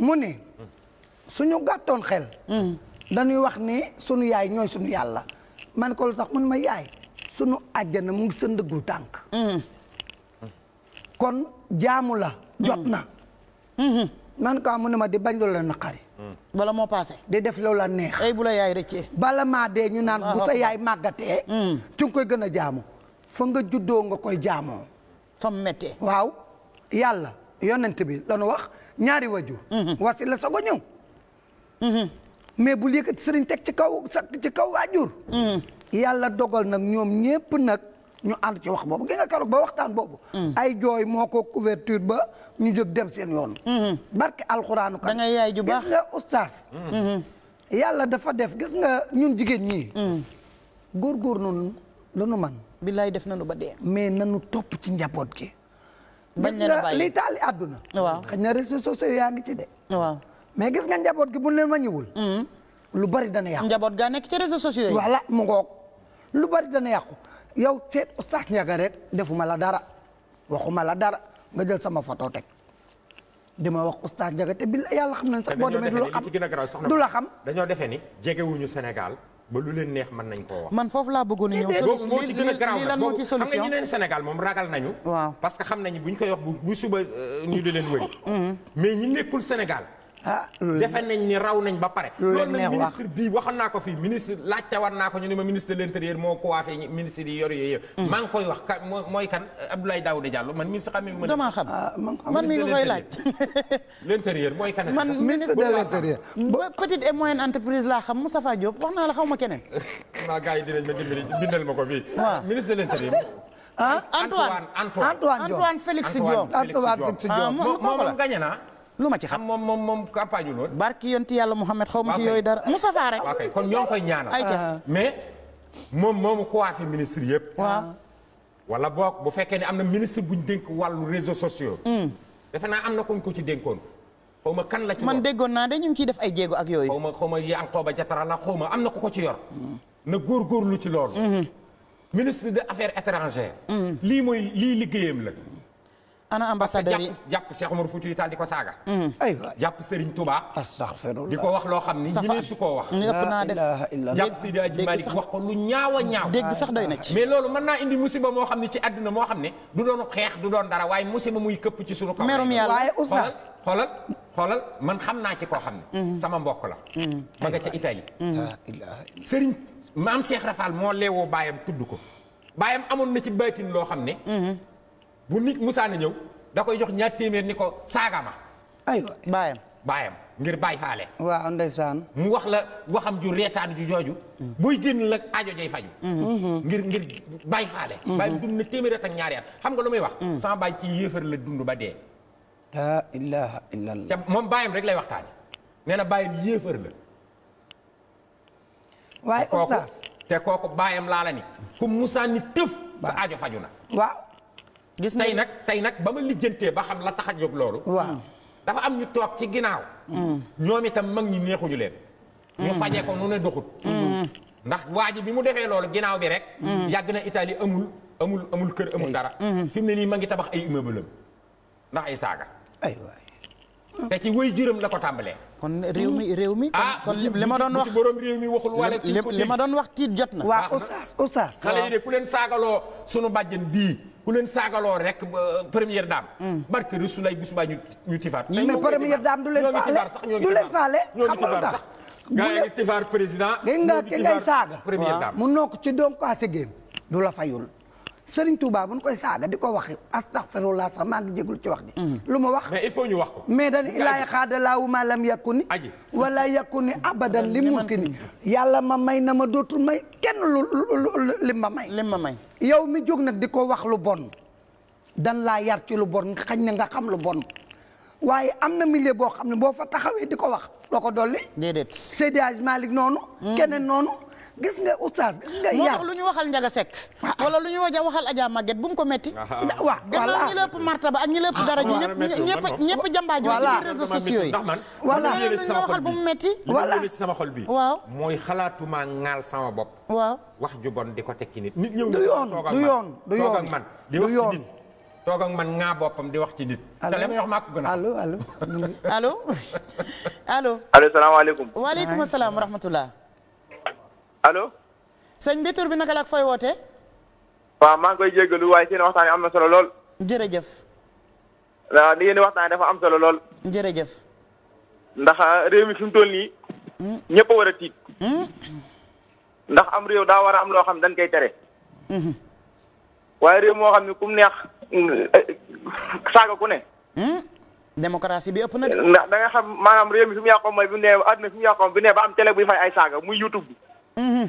Speaker 2: mu ni suñu gàttoon xel dañuy wax ni sunu yaay ñooy sunu yàlla man ko lu tax mun ma yaay sunu àjjana mu ngi sa ndëggul tànk kon jaamu la jot na man kaa mu ne ma di bañ loolu la naqari bala moo paase di def loolu la neex la yaay rëccee bala maa dee ñu naan bu sa yaay màggatee mm. ci nga koy gën a jaamu foo nga juddoo nga koy jaamoo fa mu mettee waaw yàlla yonent bi lanu wax ñaari wajur mm-hmm. wasila soog a ñëw mm-hmm. mais bu yëkkati sëriñ teg ci kaw sa ci kaw waajur mm-hmm. yàlla dogal nag ñoom ñépp nag ñu ànd ci wax boobu gi nga karoog ba waxtaan boobu ay jooy moo ko couverture ba ñu jóg dem seen yoon barke alxuraanu ka da nga yaay ju baax nga oustaz yàlla dafa def gis nga ñun jigéen ñii góorgóor noonu lanu man billaay def nanu ba dee mais nanu topp ci njaboot gi bañ leen a bàyyi gis liy taal àdduna. waaw xëy na réseaux sociaux yaa ngi ci de. mais gis nga njaboot gi buñ leen wàññiwul. Hmm. lu bari dana yàqu. njaboot gaa nekk ci réseaux sociaux yi. voilà mu ngoog lu bari dana yàqu yow seet oustaz Ndiaga rek defuma la dara waxuma la dara nga jël sama photo teg. dama wax oustaz Ndiaga te bi yàlla xam nañ sax boo demee du la
Speaker 1: xam du la xam. dañoo defee ni jegewuñu Sénégal. ba lu leen neex mën nañ koo wax. man
Speaker 2: foofu laa bëggoon ñëw solution moo ci lan moo ci solution xam nga ñu neen
Speaker 1: Sénégal moom ragal nañu. waaw parce que xam nañu bu ñu koy wax bu suba euh, ñu di leen wëri mm-hmm. mais ñi nekkul Sénégal ah defe nañ ni raw nañ ba pare. loolu nag ministre bii waxoon naa ko fii ministre laajte war naa ko ñu ne ma ministre de l' intérieur moo ko waafee ministre yi yor yooyu yëpp. Hmm. maa ngi koy wax kan mooy kan Abdoulaye ministre xam ma. damaa xam
Speaker 2: ah, man ah, mi ngi koy laaj.
Speaker 1: mooy kan. man ministre de l' intérieur.
Speaker 2: xam Moustapha Diop wax naa la xaw ma keneen.
Speaker 1: naa gars yi dinañ ma dimbali bindal ma ko fii. ministre de l' intérieur.
Speaker 2: ah Antoine Antoine Antoine Félix Diome Antoine Félix Diome. ah moom moom gañe
Speaker 1: lu ma ci xam moom moom moom campagne yu loolu. barki yonti yàlla Mouhamed xaw ma ci yooyu dara. Moustapha rek ok kon ñoo ngi koy ñaanal. ayca ah. mais moom moomu coiffé ministre yëpp. waaw. Ah. wala boog bu fekkee ne am na ministre buñ dénk wàllu réseaux sociaux. Hmm. defe naa am na koñ ko ci dénkoon. xaw ma kan la ci man déggoon naa de ñu ngi ciy def ay jéego ak yooyu. xaw ma xaw ma Yankhoba Diattara la xaw am na ko ko ci yor. Hmm. na góor góorgóorlu ci lool hmm. ministre de affaire étrangères. lii mooy lii liggéeyam la. ana ambassadeur yi jàpp Cheikh Omar Foutiyou Tall di ko saaga. Mm. jàpp Serigne Touba. di ko wax loo xam ni ñi su koo wax. ñëpp naa def jàpp Seydi Hadji Malick wax ko lu ñaaw a ñaaw. dégg sax doy na ci. mais loolu mën naa indi musiba moo xam ne ci àdduna moo xam ne du doon xeex du doon dara waaye musiba muy këpp ci sunu kaw. merum yàlla xoolal xoolal man xam naa ci koo xam ne. Mm. sama mbokk la. Mm. ma nga ca Italie. Serigne maam Cheikh Rafal moo leewoo baayam tudd ko baayam amoon na ci baatin loo xam ne mm-hmm. bu nit musaana ñëw da koy jox ñaar téeméer ni ko saagama. aywa baayam baayam ngir baay faale. waaw ndeysaan. mu wax la waxam ju reetaan ju jooju. buy génn la ajo jay faju mhm. ngir ngir mhm. baay faale. baay dund na téeméer at ak ñaari at xam nga lu muy wax. Mhm. sama baay ci yéefar la dund ba dee.
Speaker 4: la ilaha illallah.
Speaker 1: moom baayam rek lay waxtaan nee na baayam yéefar la. waaye oustaz te kooku baayam laa la ni. ku musaan ni tëf. sa aajo faju na gis tey nag tey nag ba ma lijjantee ba xam la tax a jóg loolu. waaw dafa am ñu toog ci ginnaaw. Mm. ñoom itam mag ñi neexuñu leen. Mm. ñu fajee ko nu ne doxut. Mm. ndax waa ji bi mu defee loolu ginnaaw bi rek. yàgg na Italie amul amul amul kër amul dara. fi mu ne nii ma ngi tabax ay immeuble ndax ay saaga. ay waay te ci wëy juróom la ko tàmbale kon réew mi réew mi. kon ah, li ma doon wax mi waxul
Speaker 2: wala li ma doon wax tiit jot na. waa oustaz oustaz.
Speaker 1: xale yi de ku leen saagaloo sunu bàjjen bii. ku leen saagaloo rek première dame. Mm. barke Rasulullah bu subaa ñu ñu tifaat. mais première dame du leen faale sax du leen faale xam nga sax. nga istifaar président. nga ki ngay saaga. première dame
Speaker 2: mu nokk ci donc a géem du la fayul. Serigne Touba bu koy saaga di ko waxi laa sax maa ngi jégul ci wax ji
Speaker 1: mm-hmm. lu ma wax mais il faut ñu wax
Speaker 2: ko mais dañ ilaahi ni laawu ma lam yakuni ni yakuni abadan li mumkini yàlla ma may na ma dootul may kenn lu lim ma may lim yow mi jóg nag di ko wax lu bon dan laa yar ci lu bon xañ na nga xam lu bon waaye am na milieu boo xam ne boo fa taxawee di ko wax doo ko dolli déedéet Seydi Hadj noonu mm-hmm. keneen noonu gis nga oustaz gis nga yaa moo tax lu ñu waxal Njaga Sekk ah. wala lu ñu waxal Adja Maguette
Speaker 1: bu mu ko metti ah. waaw voilà ñi
Speaker 2: lépp martaba a ñi lépp dara ji ñëpp ñëpp jàmbaajoo ci réseaux sociaux yi ndax man voilà mu metti voilà ci
Speaker 1: sama xol bi waaw mooy xalaatuma ŋaal sama bopp waaw wax ju bon di ko teg ci nit nit ñëw du yoon du yoon du yoon toog ak man di wax ci nit toog ak man ŋaa boppam di wax ci nit te li may wax maa ko gën a allo allo alo allo
Speaker 4: allo salaamaaleykum waaleykum asalaam wa rahmatullah allo.
Speaker 2: sëñ bi bi naka la ak woote wootee.
Speaker 4: waaw maa ngi koy jégalu waaye seen waxtaan yi am na solo lool. jërëjëf. waaw li ngeen waxtaan dafa am solo lool. jërëjëf. ndax ah, réew mi fi mu toll nii. Hmm? ñëpp war a tiit. Hmm? ndax am réew daa war a am loo xam dañ koy tere. Hmm. waaye réew moo xam ne ku mu neex eh, saaga ku ne.
Speaker 2: démocratie bi ëpp na de. ndax
Speaker 4: da nga xam maanaam réew mi fi mu yàqoon mooy bi ne ba am télé buy fay ay saaga muy YouTube bi. waaw mhm.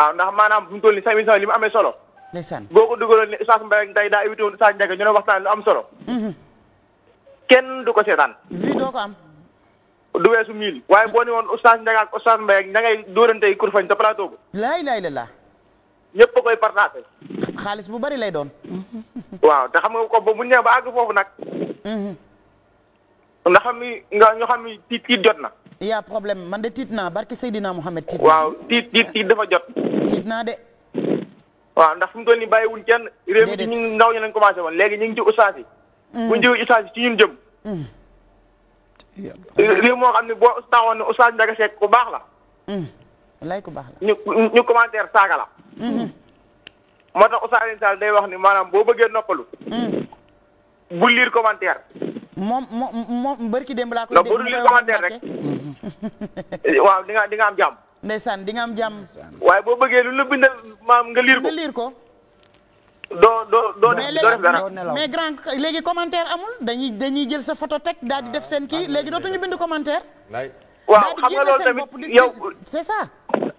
Speaker 4: ah, ndax maanaam bu mu toll nii cinq mille cent amee solo. ndeysaan boo ko dugaloon ne Oustaz Mbaye ak Ndeye daa invité woon Oustaz Ndiaga ñu ne waxtaan lu am solo. Mhm. kenn du ko seetaan. vie ko am. du weesu mille. waaye boo ne woon Oustaz Ndiaga ak Oustaz Mbaye ak ña ngay dóorante kurfañ te plateau ba. laay laay koy partagé. xaalis bu bari lay doon. waaw te xam nga ko bu ñu nee ba àgg mhm. tiit tiit jot na.
Speaker 2: y a problème man de tiit naa barki Seydina Mohamed
Speaker 4: tiit waaw tiit tiit tiit dafa jot tiit naa de waaw ndax fu mu toll nii bàyyiwuñ kenn réew mi ci ñu ndaw ñu lañ commencé woon léegi ñu ngi ci ustaas yi mm. buñ jóge ustaas ci ñun jëm mm. réew moo xam ne boo ustaas woon ne ustaas Ndiaga Seck ku baax la
Speaker 3: mm.
Speaker 2: lay ku baax
Speaker 4: ñu ñu commentaire la mm-hmm. moo tax ustaas Alioune Sall day wax ni maanaam boo bëggee noppalu bu liir commentaire
Speaker 2: moom moom moom barki démb laa koy dégg. non bu dul commentaire rek.
Speaker 4: waaw di nga di nga am jàmm. ndeysaan di waaye boo bëggee lu la bindal maam nga liir ko nga ko. doo doo doo def dara mais
Speaker 2: grand léegi commentaire amul dañuy dañuy jël sa photo teg daal di def seen kii léegi ñu bind commentaire.
Speaker 1: waaw xam nga loolu tamit yow c'est
Speaker 4: ça.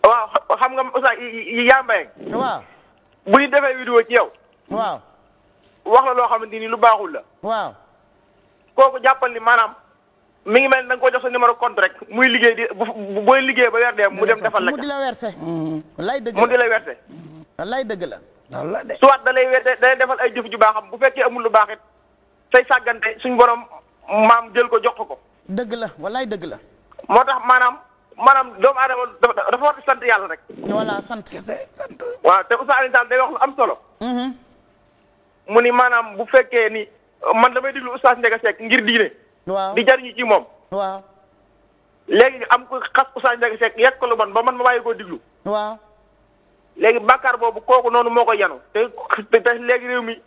Speaker 4: waaw xam nga Ousseyn yaa mbay. waaw bu ñu defee vidéo ci yow. waaw wax la loo xamante ni lu baaxul la. waaw. kooku jàppal ni maanaam mi ngi mel ni da nga ko jox sa numéro compte rek muy liggéey di bu booy liggéey ba weer dee mu dem defal la mu di la
Speaker 2: werse. Mm-hmm.
Speaker 4: wallaay dëgg la mu di la werse. Mm-hmm. wallaay dëgg la. soit da lay werse da defal ay jëf ju baaxam bu fekkee amul lu baax it say suñu borom maam jël ko jox ko ko. dëgg la wallaay dëgg la. moo tax maanaam maanaam doomu aadama dafa war a sant yàlla rek. voilà sant. sant waaw te Oustaz Alioune Sall day wax lu am solo. Mm-hmm. mu ni maanaam bu fekkee ni. man damay déglu oustaz Ndiaga Seck ngir diine. waaw di jariñu ci moom. waaw léegi am ko xas oustaz Ndiaga Seck yàq ko lu bon ba man ma bàyyi koo déglu. waaw léegi bàkkaar boobu kooku noonu moo koy yanu te te léegi réew mi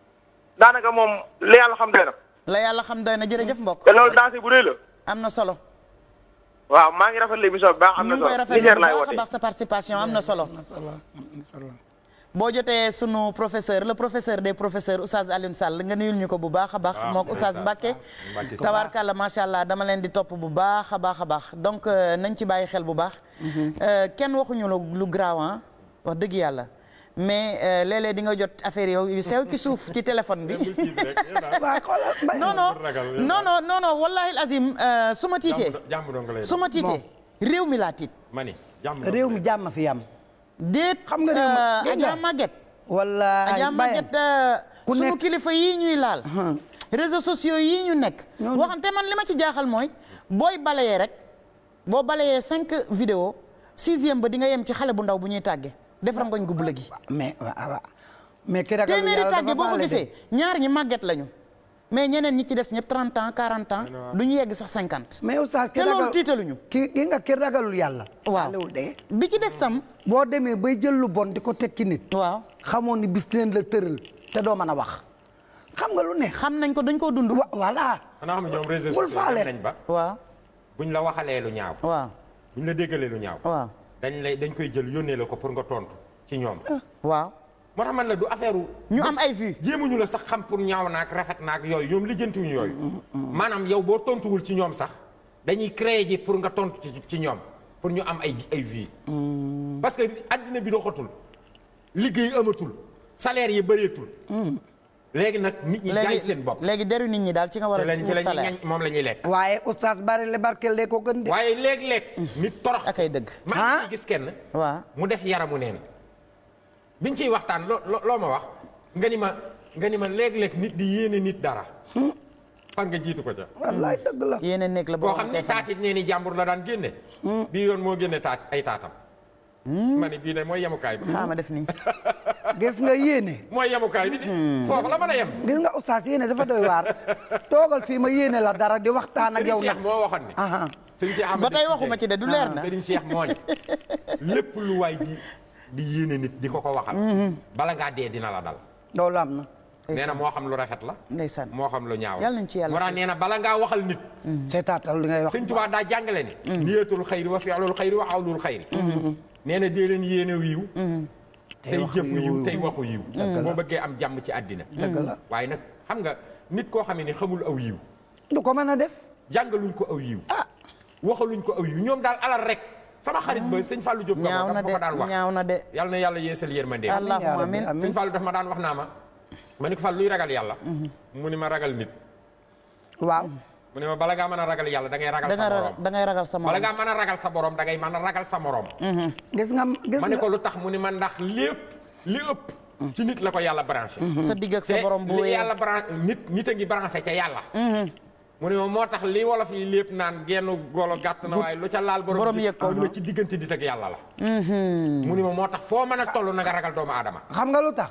Speaker 4: daanaka moom la yàlla xam doy na. la yàlla xam doy na jërëjëf mbokk. te loolu dansé bu rëy la. am na solo. waaw maa ngi rafetlu émission bi baax am na solo. ñu ngi koy rafetlu bu baax a baax sa participation am na solo.
Speaker 2: boo jotee sunu professeur la professeur des professeurs Oustaz Alioune Sall nga nuyul ñu ko bu baax a baax ah, moo ko Oustaz Mbacké sawarkàlla ah, macha allah dama leen di topp bu baax a baax a baax donc euh, nañ ci bàyyi xel bu baax mhm. euh, kenn waxuñu lu grawan wax dëgg yàlla mais euh, léeg di nga jot affaire yow yu sew ci suuf ci téléphone bi non non non non wallahi azim euh, su ma tiitee
Speaker 1: su ma tiitee
Speaker 2: réew mi laa tiit réew mi jàmm fi yam déet xam nga réew euh, Adja Maguette wala Maguette euh, kilifa yi ñuy laal uh-huh. réseaux sociaux yii ñu nekk waxante man li ma ci jaaxal mooy booy balayee rek boo balayee cinq vidéo sixième ba di nga yem ci xale bu ndaw bu ñuy tàggee def rangoñ gu bula gi mais mais ki ragal yàlla dafa baale de téeméeri tàgge boo ko gisee ñaar ñi màgget lañu mais ñeneen ñi ci des ñëpp 30 ans 40 ans. du ñu yegg sax 50. mais oustaz te loolu tiitaluñu. ki ki nga ki ragalul yàlla. waaw bi ci des tam. boo demee bay jël lu bon di ko teg ci nit. waaw xamoon ni bis leen la tëral
Speaker 1: te doo mën a wax.
Speaker 2: xam nga lu ne. xam nañ ko dañ koo dund. wa voilà.
Speaker 1: xanaa xam ñoom réseaux sociaux nañ ba. waaw. buñ la waxalee lu ñaaw. waaw buñ la déggalee lu ñaaw. waaw dañ lay dañ koy jël yónnee la ko pour nga tontu ci ñoom. waaw. moo tax man la du affaire ñu am ay vues jéemuñu la sax xam pour ñaaw naag rafet ak yooyu ñoom lijjantiwuñu yooyu mm, mm, mm. maanaam yow boo tontuwul ci ñoom sax dañuy créer ji pour nga tontu ci ñoom pour ñu am ay ay vues parce que addina bi doxatul liggéey amatul salaire yi bëreetul léegi nag nit ñi jaay seen bopp léegi deru nit ñi daal ci nga war a ci la salaire moom la ñuy lekk waaye oustaz bari le barkeel de ko gën de waaye léeg-léeg nit torox ay dëgg maa ngi ah? gis kenn waaw mu def yaramu neen biñ ciy waxtaan loo loo ma wax nga ni ma nga ni ma léeg-léeg nit di yéene nit dara. fan nga jiitu ko ca. wallaay dëgg la. yéene néeg la boo xam ne taat it nee ni jàmbur la daan génne. Hmm. bii yoon moo génne taat ay taatam. Hmm. ma ne bii ne mooy yemukaay bi. xaaral ah, ma def nii. gis nga yéene. mooy yemukaay bi. Hmm. foofu la
Speaker 2: mën a yem. gis nga oustaz yéene dafa doy waar. toogal fii ma yéene la dara di
Speaker 1: waxtaan ak yow. nag Serigne Cheikh moo waxoon ni. Serigne Cheikh ba tey waxuma ci de du leer ah, na Serigne Cheikh moo ne lépp lu waay ji. di yéene nit di ko ko waxal. Mm-hmm. bala ngaa dee dina la dal. loolu am na. nee moo xam lu rafet la. ngay ndeysaan moo xam lu ñaaw la yàlla nañ ci yàlla. nee na bala ngaa waxal nit.
Speaker 2: Mm-hmm. seetaatal li ngay wax sëñ
Speaker 1: Tuubaa daa jàngale ne. Mm-hmm. niyatul xayri wa fi'lul xayri wa qawlul xayri. nee na dee leen yéene wiiw. tey jëfu yiw tey waxu yiw. bëggee am jàmm ci àddina. dëgg la waaye nag xam nga nit koo xam ne xamul aw yiw. du ko mën a def. jàngaluñ ko aw yiw. ah waxaluñ ko aw yiw ñoom daal alal rek sama xarit ba sëñ Fallou Diop ñaaw na na de na yàlla yeesal yërmande allahumma amiin sëñ Fallou daf ma daan wax naa ma ma ni ko mhm. mu ni ma ragal nit waaw mu ne ma bala ngaa mën a ragal yàlla da ngay ragal sa morom
Speaker 2: da ngay ragal sa morom bala ngaa
Speaker 1: mën a ragal sa borom da ngay mën a ragal sa morom
Speaker 2: mhm. gis nga gis nga ma ne ko
Speaker 1: lu tax mu ni ma ndax lépp li ëpp mhm. ci nit la ko yàlla branché sa digg ak sa borom bu li yàlla nit nit a ngi branché ca yàlla mu ne ma moo tax li wolof yi lépp naan gennu golo gàtt na waaye lu ca laal borom yëg ko mu ne ci diggante nit ak yàlla la
Speaker 2: mm-hmm. mu ne
Speaker 1: ma moo tax foo mën a toll na nga ragal doomu aadama
Speaker 2: xam nga lu tax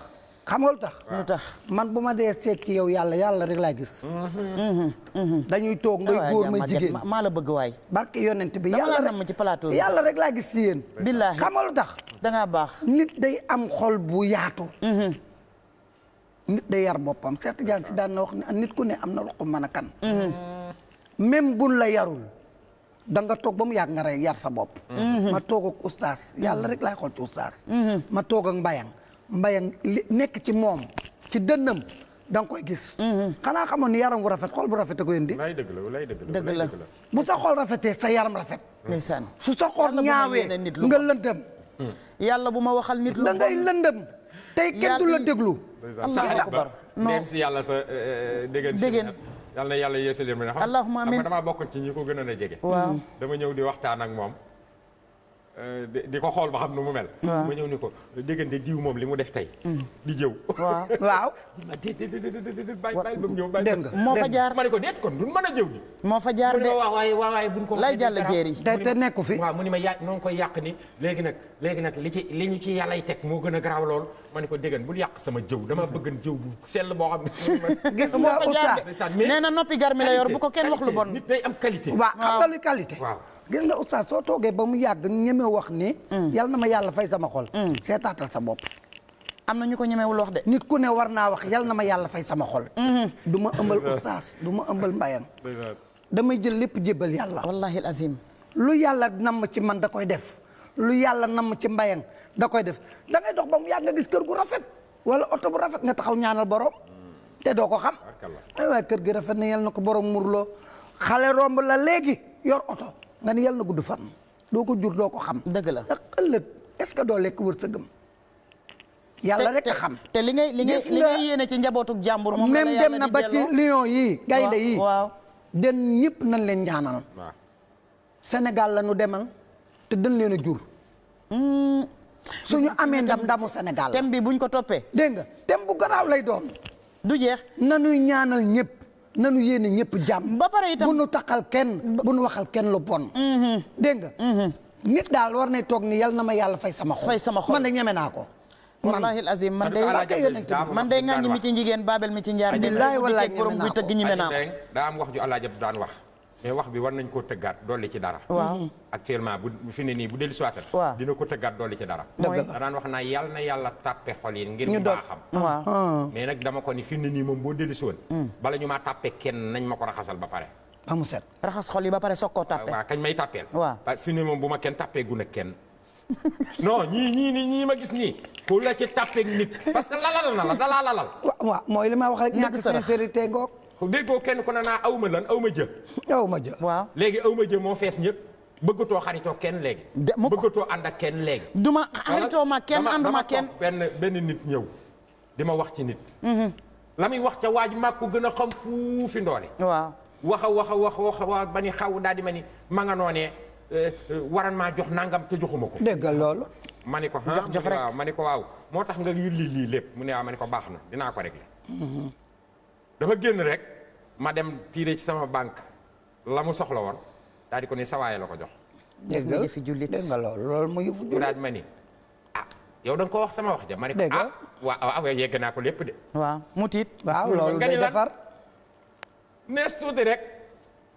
Speaker 2: xam nga tax lu tax man bu ma dee seet ci yow yàlla yàlla rek laa gis mm-hmm. Mm-hmm. dañuy toog ngay góor may jigéen maa la bëgg waay barke yonent bi yàlla rek ci plateau yàlla rek laa gis ci yéen billaahi xam nga tax dangaa baax nit day am xol bu yaatu nit da yar boppam Cheikh Tidiane si daan na wax nit ku ne am na lu ko mën a kan mm-hmm. même la yarul da nga toog ba mu yàgg nga rey yar sa bopp mm-hmm. ma toog ak oustaz yàlla rek laay mm-hmm. ma toog ak mbayang mbayang nekk ci moom ci dënnam da nga koy gis xanaa xamoon ni yaram wu rafet xool bu rafete ko yëndi dëgg la dëgg la bu sa xool rafetee sa yaram rafet ndeysaan su sa xool ñaawee nga lëndëm yàlla bu ma waxal nit lu da ngay lëndëm tey kenn la déglu
Speaker 1: sa xarit ba neem si yàlla sa eh, eh, déggan déggan yàlla na yàlla yeesal yéen xam nga damaa bokk ci ñi ko gën a jege waaw dama ñëw di waxtaan ak moom Euh, di ko xool ba xam nu mu mel. ma ñëw ni ko déggante diw moom li mu def tey. Mm. di jëw. waaw waaw. bàyyi bàyyi ba mu ñëw bàyyi. dégg nga moo fa jaar ma ne ko déet kon duñ mën a jëw. moo fa jaar de waaye waaye buñ ko. lay jàll jeer yi te te nekku fi. waaw mu ni ma yaa noo ngi koy yàq ni léegi nag léegi nag li ci li ñu ci yàllay teg moo gën a garaaw lool ma ne ko déggan bul yàq sama jëw dama bëggan jëw bu sell boo xam. gis nga Oustaz nee na noppi gar mi la yor bu ko kenn wax lu bon. nit day am qualité. waaw
Speaker 2: xam nga lu qualité gis nga oustaz soo toogee ba mu yàgg ñeme wax ni. Mm. yàlla na ma yàlla fay sama xol. Mm. seetaatal sa bopp. am na ñu ko ñemewul wax de. nit ku ne war naa wax yal na ma yàlla fay sama xol. Mm-hmm. du ma ëmbal oustaz du ma ëmbal mbayang damay jël lépp jébbal yàlla. wallaahi azim. lu yàlla namm ci man da koy def. lu yàlla namm ci mbayang da koy def da ngay dox ba mu yàgg nga gis kër gu rafet. wala oto bu rafet nga taxaw ñaanal borom. Mm. te doo ko xam. ay waay kër gi rafet na yàlla na ko borom murloo. xale romb la léegi yor oto. nga yàlla na gudd fan doo ko jur doo ko xam. dëgg la ndax ëllëg est-ce que doo lekk wërsëgam. yàlla rek xam te li ngay li ngay li ngay yéene ci njabootuk jàmbur moom même dem na ba ci lion yi gaynde yi waaw den ñëpp nañ leen ñaanal Sénégal la nu demal te dañ leen a jur hmm. su ñu amee ndam ndamu senegal thème bi buñ ko toppee dégg nga thème bu garaaw lay doon du jeex nañuy ñaanal ñëpp nanu yéene ñëpp jàmm. ba pare itam bu nu taxal kenn bu nu waxal kenn lu bon. Mm-hmm. dégg nga. Mm-hmm. nit daal war nay toog ni yal na ma yàlla fay sama xol. fay sama xol man de ñeme naa ko. wallahi alazim man de man de ŋàññi mi ci njigéen Babel mi ci njaar. billahi wallahi ñeme naa ko borom buy naa
Speaker 1: ko. daa am wax ju Alaaji daan wax. mais wax bi war nañ koo tëggaat dolli ci dara. waaw mm-hmm. actuellement bu fi nii bu dellu si dina ko tëggaat dolli ci dara. dëgg la wax naa yàlla na yàlla tàppe xol yi ngir ñu baaxam.
Speaker 3: Uh-huh.
Speaker 1: mais nag mm. ma ko raxasal ba pare. ba mu set raxas xol yi ba pare soog koo tàppe. kañ may tàppeel. waaw parce que fi moom bu ma kenn tàppee gu kenn. non ñii ñii ma gis nii ku la ci tàppeeg nit parce que lalal na la dalaa lalal.
Speaker 2: waaw mooy li ma wax rek ñàkk
Speaker 1: sincérité goog déggoo kenn ku na naa aw ma lan aw ma jë. aw ma jë waaw. léegi aw ma jë moo fees ñëpp bëggatoo xaritoo kenn léegi. de mu bëggatoo ànd ak kenn léegi. du ma xaritoo ma kenn ànduma kenn benn benn nit ñëw di ma wax ci nit. Mm-hmm. la muy wax ca waaj maa ko gën a xam fuufi ndoole. waaw waxa waxa waxa waxa ba ni xaw daal di ma ni ma nga noonee eh, eh, maa jox nangam te joxuma ko. dégg loolu. ma ni ko jox jox rek ma ni ko waaw moo tax nga yulli lii lépp mu ne waaw ah, ma ni ko baax na dinaa ko régler. Mm-hmm. dafa génn rek ma dem tiire ci sama banque la mu soxla woon daal di ko ni sawaay la ko jox. dégg nga fi
Speaker 2: jullit dégg nga loolu loolu mu yëfu
Speaker 1: jullit daal ma ni ah yow da ko wax sama wax ja ma ne ko ah waaw waaw yegg lépp de.
Speaker 2: waaw mu tiit waaw loolu
Speaker 1: day rek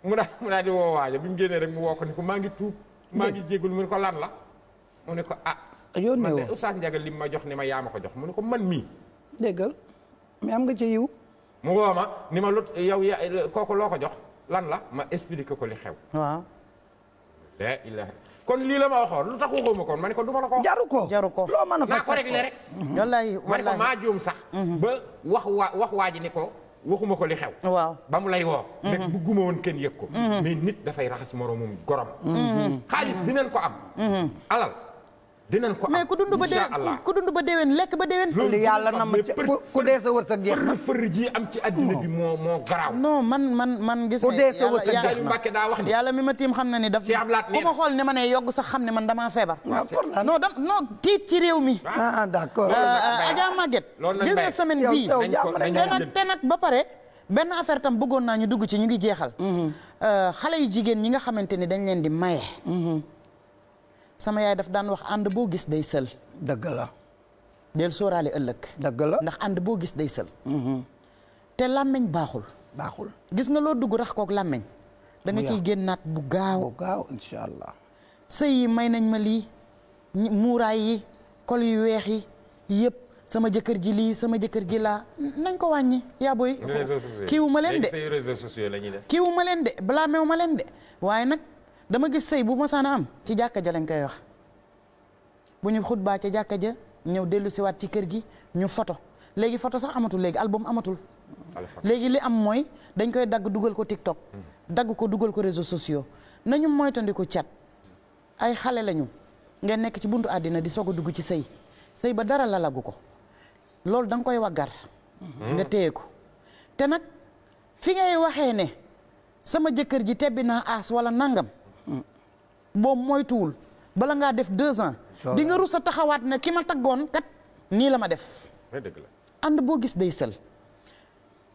Speaker 1: mu daa mu daa di woo waaja bi mu génnee rek mu woo ko ni ko ngi tuub maa ko lan la mu ne ko ah yoon ne Oustaz Ndiaga li ma jox ni ma yaa ma ko jox mu ne ko man mii déggal
Speaker 2: mais am nga ci yiw
Speaker 1: mu woo ma ni ma lu yow ya kooku loo ko jox lan la ma expliqué ko li xew. waaw. la ilaha kon lii la ma waxoon lu tax waxoo ma kon ma ne ko du ma la ko. jaru ko jaru ko loo mën a. naa ko rek. wallaahi mhm. wallaahi ma ne ko maa juum sax. Mhm. ba wax waa wax waa ji ni ko. waxuma ko li xew. waaw ba mu lay woo. Mhm. nag bugguma woon kenn yëg ko. mais nit dafay raxas moroomum gorom. xaalis dinañ ko am. alal. dinañ ko am mais ku dund
Speaker 2: ba déwén ku lekk ba déwén. loolu yàlla na ma ku dee sa wërsëg jeex na fër ji am ci addina bi moo moo garaaw. non man man gis. ne yàlla mi ma tiim xam na ni daf. ku ma xool ne ma ne yogg sax xam ne man damaa feebar. non dam non tiit ci réew mi. ah, ah, ah d'accord. Euh, euh, Adja Maguette. loolu gis nga semaine bii te nag te nag ba pare. benn affaire tam bëggoon naa ñu dugg ci ñu ngi jeexal. Mhm. Euh, xale yu jigéen ñi nga xamante ni dañ leen di maye. Mhm. sama yaay daf daan wax ànd boo gis day sël. dëgg la. del sóoraale ëllëg. dëgg ndax ànd boo gis day sël. Mm-hmm. te làmmiñ baaxul. baaxul gis nga loo dugg rax kook làmmiñ. da nga ciy génnaat bu gaaw bu gaaw allah. sëy may nañ ma lii muuraay yi kol yu weex yi yëpp sama jëkkër ji lii sama jëkkër ji laa nañ ko wàññi yaa booy. réseaux sociaux kiiwu ma leen de kiiwu ma leen de blâmewu ma leen de waaye nag. dama gis sëy bu masaana am ci jàkka ja lañ koy wax bu ñu xutbaa ca jàkka ja ñëw dellu siwaat ci kër gi ñu foto léegi photo sax amatul léegi album amatul léegi li am mooy dañ koy dagg dugal ko TikTok hmm. dagg ko dugal ko réseaux sociaux nañu moytandiku cat ay xale lañu nga nekk ci buntu àddina di soog a dugg ci sëy sëy ba dara lalagu ko loolu da nga koy waggar
Speaker 3: hmm. nga téye
Speaker 2: ko te nag fi ngay waxee ne sama jëkkër ji tebbi naa aas wala nangam boo moytuwul bala ngaa def deux ans. di nga rus a taxawaat ne ki ma taggoon kat nii la ma def. dëgg la ànd boo gis day sël.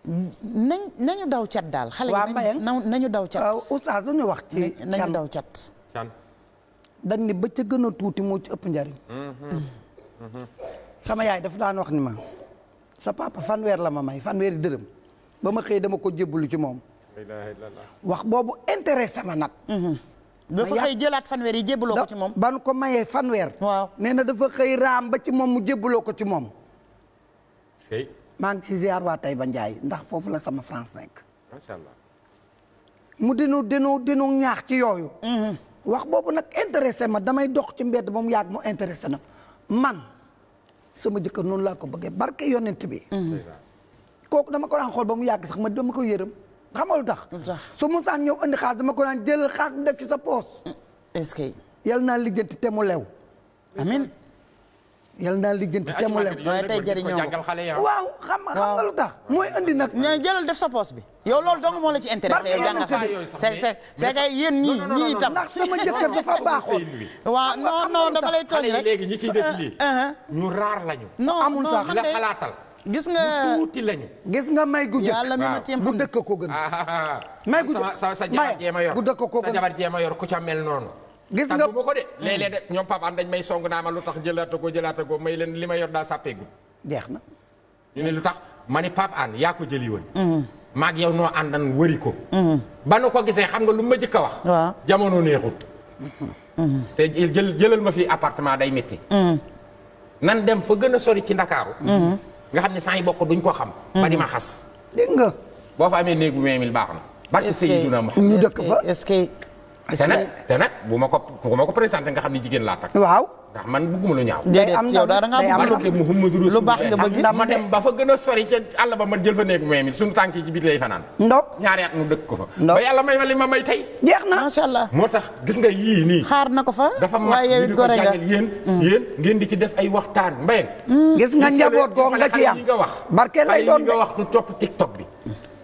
Speaker 2: nañ nañu daw cat daal. xale yi nañu daw cat. oustaz dañu wax ci. nañu cat. dañ ni ba gën a tuuti moo ci ëpp njariñ.
Speaker 1: Mm-hmm. Mm-hmm.
Speaker 2: sama yaay dafa daan wax ni ma. sa papa fanweer la ma may fanweeri dërëm. ba ma xëy dama ko jébbalu ci moom. wax boobu intéressé ma nag. Mm-hmm. dafa xëy jëlaat fanweer yi jébbaloo ko ci moom. ban ko mayee fanweer. waaw nee na dafa xëy raam ba ci moom mu jébbaloo ko ci moom. maa ngi ci ziar waa tey ba Ndiaye ndax foofu la sama France cinq macha allah. mu dinu dinu dinu ñaax ci yooyu. Mm-hmm. wax boobu nag intéressé ma damay dox ci ba mu yàgg mu intéressé na man sama jëkkër noonu laa ko bëggee barke yonent bi. Mm-hmm. kooku dama ko daan xool ba mu yàgg sax ma dama ko yërëm. xam nga lu tax. su mu saan ñëw indi xaas dama ko naan jëlal xaas bi def ci sa poos. yal naa lijjanti te mu lew. amin yal naa lijjanti te mu lew. waaye tey jëriñoo ko ah. waaw
Speaker 4: xam nga
Speaker 3: xam
Speaker 2: nga lu tax. mooy indi nag. ñoo jëlal def sa poos bi. yow loolu dong moo la ci intéressé yow jàngal xam c'est c'est c'est que yéen ñii ñii itam. ndax sama jëkkër dafa baaxoon. waaw non non dama lay tooñ rek. xale yi léegi ñi ciy def lii. Uh-huh.
Speaker 1: ñu raar lañu.
Speaker 2: non non man de amul la xalaatal. gis nga
Speaker 1: tuuti lañu. gis nga may gu jëkk yàlla mi ma tiim bu dëkk ko gën. Ah, ah, ah. may gu jëkk sa sa jabar jéema yor bu dëkk ko gën sa jabar jéema yor ku ca mel noonu. gis nga tàggu ma ko de mm. léeg-léeg de may song naa ma lu tax jëlaata ko jëlaata ko may leen li ma yor daa sàppeegu. geex na. ñu ne lu tax ma ne Pape Hann yaa ko jëli woon. Mm. maag yow noo àndan wëri ko. Mm. ba nu ko gisee xam nga lu ma jëkk a wax. waaw jamono neexut. te jël jëlal ma fi apartement day métti. nan dem fa gën a sori ci Ndakaaru. nga xam ne saa yi bokk duñ ko xam. Hmm. ba di ma xas. dégg nga. boo fa amee néeg bu 20000 baax na. barke Seydina Muhammad ñu dëkk fa
Speaker 2: est-ce que te nag
Speaker 1: te nag bu ma ko bu ma ko présenté nga xam ne jigéen laa takk. waaw ndax man bëgguma lu ñaaw. day am yow dara nga am lu ba fa gën a sori ca àll ba man jël fa néeg may mi suñu tànk yi ci biir lay fanaan. ndok ñaari at mu dëkk ko fa. ndok ba yàlla may ma li ma may tey. jeex na macha allah moo tax gis nga yii nii. xaar na ko fa waaye yow gore nga dafa ko jàngal yéen. Mm. yéen ngeen di ci def ay waxtaan mbéy. Mm. gis nga njaboot googu nga ci am barke lay doon de xale yi nga wax du topp TikTok bi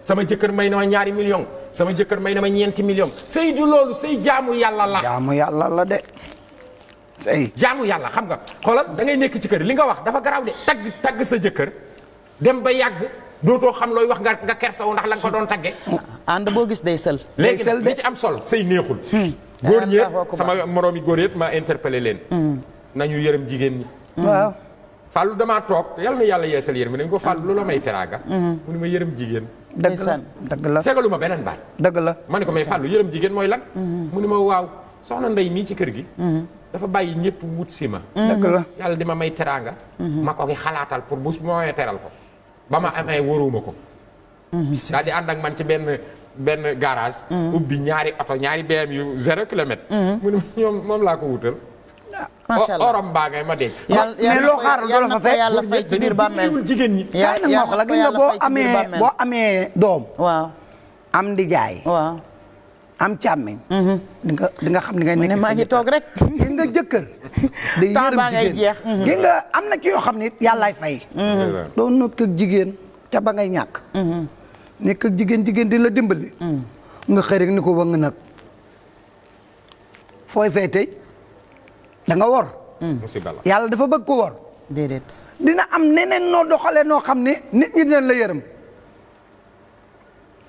Speaker 1: sama jëkkër may na ma ñaari million sama jëkkër may na ma ñeenti million sëy du loolu sey jaamu yàlla la. jaamu yàlla la de. sëy yàlla xam nga xoolal da ngay nekk ci kër li nga wax dafa garaw de tagg tagg sa jëkkër dem ba yàgg dootoo xam looy wax nga nga kersaw ndax la ko doon tagge ànd boo gis day sël. day sël léegi ci am sol sëy neexul. Hmm. góor ñeent sama moroomi góor yëpp ma interpellé leen. Hmm. nañu yërëm jigéen ñi. Hmm. fàllu damaa toog yal na yàlla yeesal yërëm mi dañ ko fàllu lu la may mm-hmm. mu ni ma yërëm jigéen dëgg la dëgg la segalu ma beneen baat dëgg la ma ne ko may fàllu yërëm jigéen mooy lan mm-hmm. mu ni ma waaw soxna ndey mii ci kër gi mm-hmm. dafa bàyyi ñëpp wut si ma dëgg la yàlla di ma may teraanga ma ko ki xalaatal pour bu ma may teral ko ba ma amee waruma ko daal di ànd ak man ci benn benn garage ubbi ñaari oto ñaari BM yu zéro kilomètre mu ni ñoom moom laa ko wutal macha allah oram baa ngay ma dégg. mais loo xaaral doo fa fekk yàlla fay ci wax la
Speaker 2: gis nga boo amee boo amee doom. waaw am di jaay. waaw am càmmiñ. Mhm. di nga di nga xam ni ngay nekk toog rek. nga jëkkër. day yërëm jigéen mhm. gis nga am na ci yoo xam ne yàllaay fay. Mhm. doo nekk ak jigéen te ba ngay ñàkk. nekk ak jigéen jigéen di la dimbali. nga xëy ni ko wëng nag. fooy fay tey. da nga wor. Hmm. yàlla dafa bëgg ko wor. déedéet dina am neneen noo doxalee noo xam ne nit ñi dinañ la yërëm.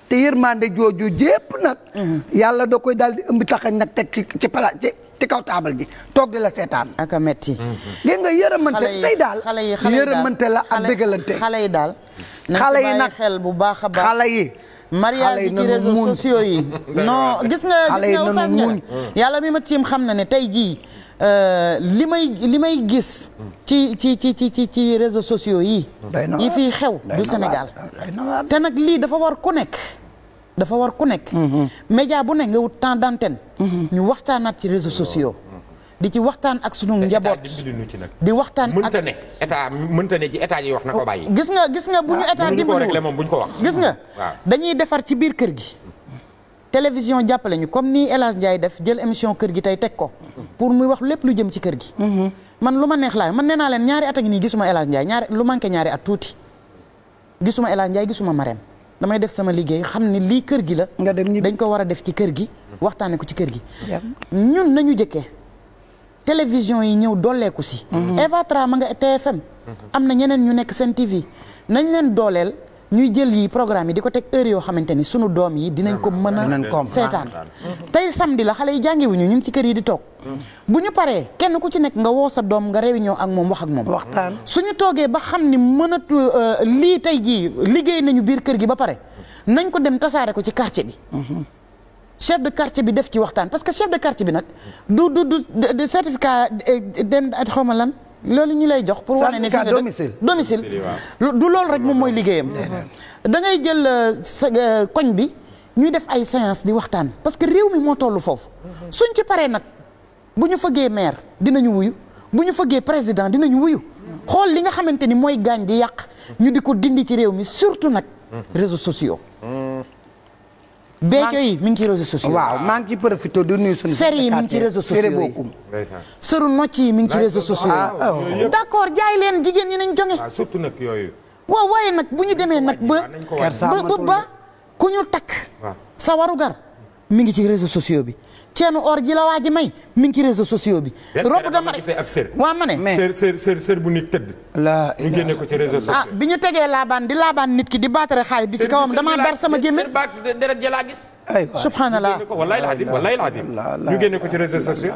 Speaker 2: te yërmande jooju jépp nag. Hmm. yàlla doo koy daal di ëmb taxañ nag teg ci ci pala ci kaw taabal gi toog di la seetaan. ak a metti. ngeen hmm. nga yërëmante say daal xale yi xale yi la ak bégalante. yi daal xale yi nag xel bu baax a baax yi. mariage yi ci réseaux yi. non yàlla mi ma tiim xam na ne tey ji Euh, li may li may gis. ci ci ci ci ci réseaux sociaux yi. yi fiy xew du Sénégal. te nag lii dafa war ku nekk. dafa war ku nekk. Mm-hmm. média bu nekk nga wut temps d'antenne. Mm-hmm. ñu waxtaanaat ci réseaux sociaux. Mm-hmm. di ci waxtaan ak sunu njaboot
Speaker 1: di waxtaan ak mënta ne état mënta ne ci état yi wax na ko bàyyi. gis
Speaker 2: nga gis nga bu ñu ah. état dimbali moom
Speaker 1: bu ko wax. gis nga
Speaker 2: dañuy defar ci biir kër gi. télévision jàppale ñu comme ni El Hadj Ndiaye def jël émission kër gi tey teg ko pour muy wax lépp lu jëm ci kër gi mhm. man lu ma neex laay man nee naa leen ñaari at a ngi nii gisuma El Hadj Ndiaye ñaari lu manqué ñaari gisuma El Hadj Ndiaye damay def sama liggéey xam ne lii kër gi la nga dem dañ ko war a def ci kër gi waxtaane ko ci kër gi ñun nañu jëkkee télévision yi ñëw dooleeku si mhm. Eva Tra ma nga TFM mhm. am na ñeneen ñu nekk seen TV nañ leen dooleel ñuy jël yi programme yi di ko teg heure yoo xamante ni sunu doom yi dinañ ko mën a seetaan tey samedi la xale yi jàngiwuñu ñu ngi ci kër yi di toog bu ñu paree kenn ku ci nekk nga woo sa doom nga réunion ak moom wax ak moom waxtaan suñu toogee ba xam ni mënatu lii tey jii liggéey nañu biir kër gi ba pare nañ ko dem tasaare ko ci quartier bi chef de quartier bi def ci waxtaan parce que chef de quartier bi nag du du du certificat den xawma lan loolu ñu lay jox pour wane ne syndicat domicile domicile du loolu rek moom mooy liggéeyam
Speaker 3: mm-hmm.
Speaker 2: da ngay jël euh, euh, koñ bi ñuy def ay séance di waxtaan parce que réew mi moo tollu foofu mm-hmm. suñ ci paree nag bu ñu fëggee maire dinañu wuyu bu ñu fëggee président dinañu wuyu mm-hmm. xool li nga xamante ni mooy gaañ di yàq ñu di ko dindi ci réew mi surtout nag réseaux sociaux béykat yi mi ngi ci réseaux sociaux. waaw maa ngi ciy profité di nuyu suñu. sër yi mi ngi ci sociaux yi sëru nocc yi mi ngi ci réseaux sociaux yi. Oh. d'accord jaay leen jigéen ñi nañ jonge. waaw
Speaker 1: surtout nag yooyu.
Speaker 2: nag bu ñu demee nag ba. ba ba ku ñu takk. sa warugar mi ngi ci réseaux sociaux bi. ceenu or ji la waa may mi ngi ci sociaux bi.
Speaker 1: robu dama rek waaw ma ne. mais bu nit tëdd. la ñu génne ko ci réseaux ah, sociaux. ah
Speaker 2: bi ñu tegee laabaan di laabaan nit ki di baatare xaalis bi ci kawam damaa dar sama gémmiñ. sër baat
Speaker 1: deret ja laa gis. aywa subhanallah wallahi alazim wallahi alazim ñu génne ko ci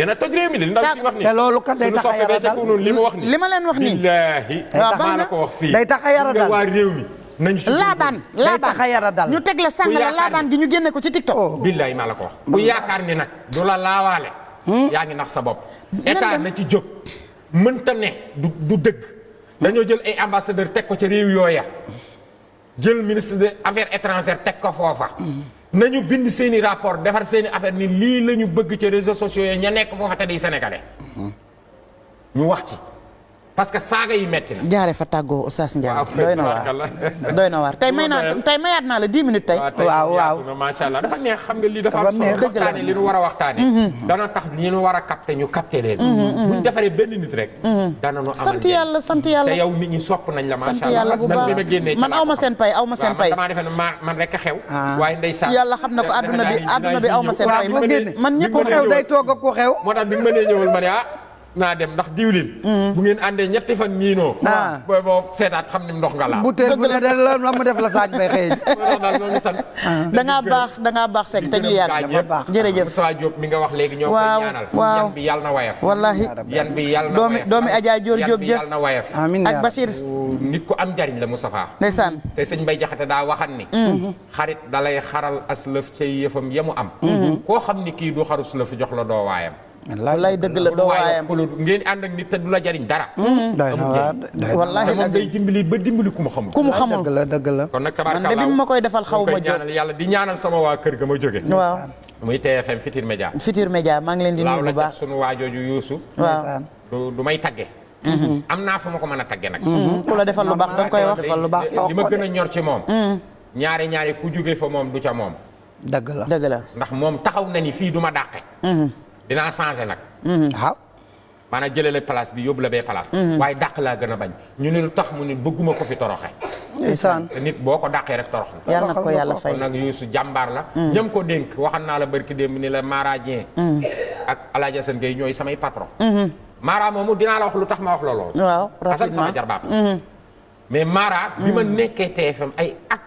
Speaker 1: dina toj réew li ndaw wax nii. te loolu kat day tax a yara daal li mu wax li ma leen wax nii. billaahi. day tax a yara daal wax fii. nañu
Speaker 2: ci laabaan laabaan ñu teg la sàngara laabaan gi ñu génne ko ci
Speaker 1: TikTok. Oh. billaay maa la ko wax bu oh. yaakaar ni nag du la laawaale. Hmm? yaa ngi nax sa bopp. état na ci jóg mënta ne du du dëgg. dañoo jël ay ambassadeur teg ko ci réew yooya. jël ministre des affaires étrangères teg ko foofa. Hmm. nañu bind seen i rapport defar seeni affaire ni lii la ñu bëgg ci réseaux sociaux yi ña nekk foofa te di sénégalais. Hmm. ñu wax ci. parce que saaga yi metti na.
Speaker 2: jaare fa tàggoo Oustaz Ndiaye.
Speaker 1: doy na doy na waar tey may naa
Speaker 2: naa la 10 minutes tey. waaw waaw
Speaker 1: dafa neex xam nga lii dafa solo a waxtaane mhm. Mhm. dana tax ñi nu war a ñu capté leen. Mhm, bu ñu defaree benn nit rek. dana sant yàlla
Speaker 2: sant yàlla te yow
Speaker 1: nit ñi sopp nañ la. macha allah man bi seen pay aw seen pay. a ah. yàlla xam na ko àdduna bi àdduna bi aw seen pay.
Speaker 4: man ñëpp xew day toog ak xew. moo tax bi ma nee ñëwal ma ah
Speaker 1: naa dem ndax diwlin. Mm. bu ngeen àndee ñetti fan miinoo. waaw ah. booy seetaat xam ni ndox nga la bu teel bu ne de la def la saaj bay xëy na. da ngaa baax da ngaa baax sekk te ñu yàgg dafa baax jërëjëf Moussa Diop mi nga wax léegi ñoo koy ñaanal. waaw na wayaf. wallaahi yan bi yàlla na wayaf doomi Adja Dior Diop jë yàlla na wayaf. amiin ak Bachir. nit ku am jariñ la Moustapha. ndeysaan te sëñ Mbay Jaxate daa waxan ni. Mm-hmm. Mm-hmm. xarit dalay xaral as lëf cay yëfam yamu am. Mm-hmm. koo xam ni kii du xarus lëf jox la doo waayam wallaay dëgg la doo waayam ngeen ànd ak nit te du la jariñ dara. Hmm. wallaay moom day dimbali ba dimbali ku mu xamul. ku mu xamul dëgg la dëgg la. kon nag tabaarkalla man de ma koy defal xaw ma yàlla di ñaanal sama waa kër ga ma jóge waaw muy TFM Fitir Média. Fitir Média maa ngi leen di nuyu bu baax laaw la sunu waajooju Yuusu. waaw du may tagge. Mm-hmm. am naa fu ma ko mën a tagge nag. Mm-hmm. ku la defal lu baax da koy wax. defal lu baax li ma gën a ñor ci moom. Mm-hmm. ñaari ñaari ku jóge fa moom du ca moom. dëgg la dëgg la ndax moom taxaw na ni fii du ma dàqe dinaa changer nag. Mhm. waaw. maanaam a la place bi yóbbu la bee place. Mhm. waaye dàq laa gën a bañ. ñu ne lu tax mu ne bëgguma ko fi toroxe. ndeysaan te nit boo ko dàqee rek torox na. yàlla na ko yàlla fay nag Youssou jàmbaar la. Mhm. ñam ko dénk waxan naa la barki démb ni la Mara Dieng. ak El Hadj Assane Gueye ñooy samay patron. Mara moomu dinaa la wax lu tax ma wax la loolu. waaw rapidement Assane sama jarbaat mais Mara. bi ma nekkee TFM ay at.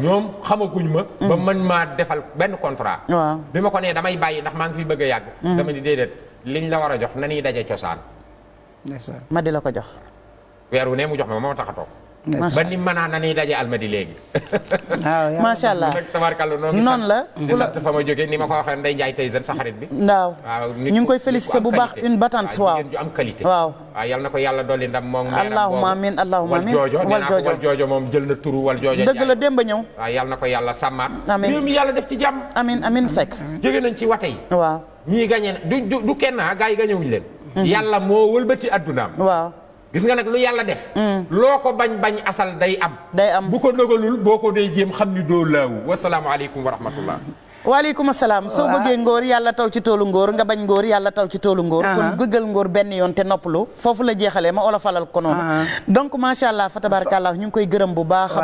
Speaker 1: ñoom xamaguñ ma. ba mën maa defal benn contrat. waaw bi ma ko nee damay bàyyi ndax maa ngi fi bëgg a yàgg. Mm. dama ni déedéet liñ la war a jox na ñuy daje cosaan. ma di la ko jox. weer wu ne mu jox ma moo tax a toog ba ni mënaan na ñuy daje almadi léegi.
Speaker 2: waaw ah, macha allah
Speaker 1: tabarkallu noo ngi sant la. di sant fa ma ni ma ko waxee Ndeye Ndiaye tey sa xarit bi.
Speaker 2: waaw ah, ñu ngi koy félicité bu baax une battante ah, waaw jigéen
Speaker 1: yal ko yàlla dolli ndam moom. allahumma amiin
Speaker 2: allahumma amiin wal
Speaker 1: joojo ko moom jël na turu wal joojo. dëgg la démb ñëw. waaw yal na ko yàlla sàmmaat. amiin réew mi yàlla def ci jàmm. amiin amiin Seck. jóge nañ ci wate yi. waaw ñii gañe du du kenn ah gars yi leen. Mm-hmm. yàlla moo wëlbati addunaam waaw gis nga nag lu yàlla def. Mm. loo ko bañ bañ asal day am. day am bu ko nëgalul boo ko dee jéem xam ni doo laawu wasalaamualeykum wa rahmatullah.
Speaker 2: waaleykum salaam soo bëggee ngoor yàlla taw ci toolu ngoor nga bañ ngóor yàlla taw ci toolu ngóor kon gëggal ngóor benn yoon te noppalu foofu la jeexale ma olo falal ko noonu donc macha allah fa tabarakallah ñu ngi koy gërëm bu baax a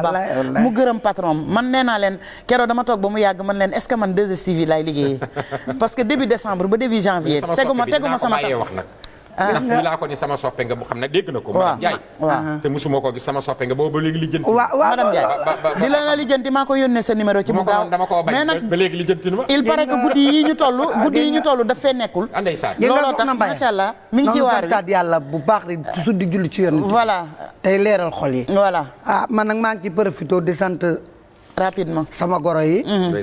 Speaker 2: mu gërëm patron man nee naa leen keroog dama toog ba mu yàgg man leen est ce que man 2STV laay liggéeyee parce que début décembre ba début janvier teguma teguma sama tax
Speaker 1: Ah. ndax fii laa ko ni sama soppe bu xam ne dégg na ko madame Ndiaye ah. te musuma ko gis sama soppe nga boobu ba léegi lijjanti waaw waaw madame Ndiaye di la
Speaker 2: na lijjanti maa ko yónnee sa numéro ci mu gaaw dama ko bañ nag
Speaker 1: ba léegi lijjanti na ma il paraît que guddi yi ñu toll ah, guddi yi ñu toll daf fee nekkul ndeysaan looloo tax
Speaker 2: macha ngi ci waar wi yàlla bu baax rek toujours di julli ci yoon voilà tey leeral xol yi voilà ah man nag maa ngi ci profité di sant rapidement sama goro yi mm-hmm.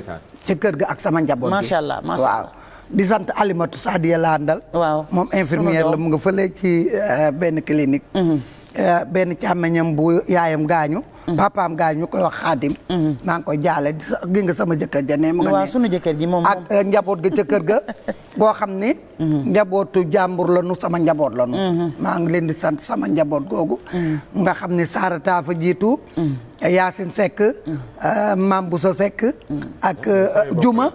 Speaker 2: ci kër ga ak sama njaboot bi macha allah macha allah di sant Alimatu Sadia la àndal. waaw moom infirmière la mu nga fële ci eh, benn clinique. Mhm. Eh, benn càmmeñam bu yaayam gaañu. Mhm. papaam gaañu ñu koy wax xaadim. Mhm. maa ngi koy jaale gi nga sama jëkkër ja ne. mu nga ne ji moom ak eh, njaboot ga ca kër ga. goo xam ni. njabootu jàmbur la nu sama njaboot la maa ngi leen di sant sama njaboot googu. nga xam ni Sarata fa jiitu. Yacine Seck. Mame Bousso Seck. ak Juma.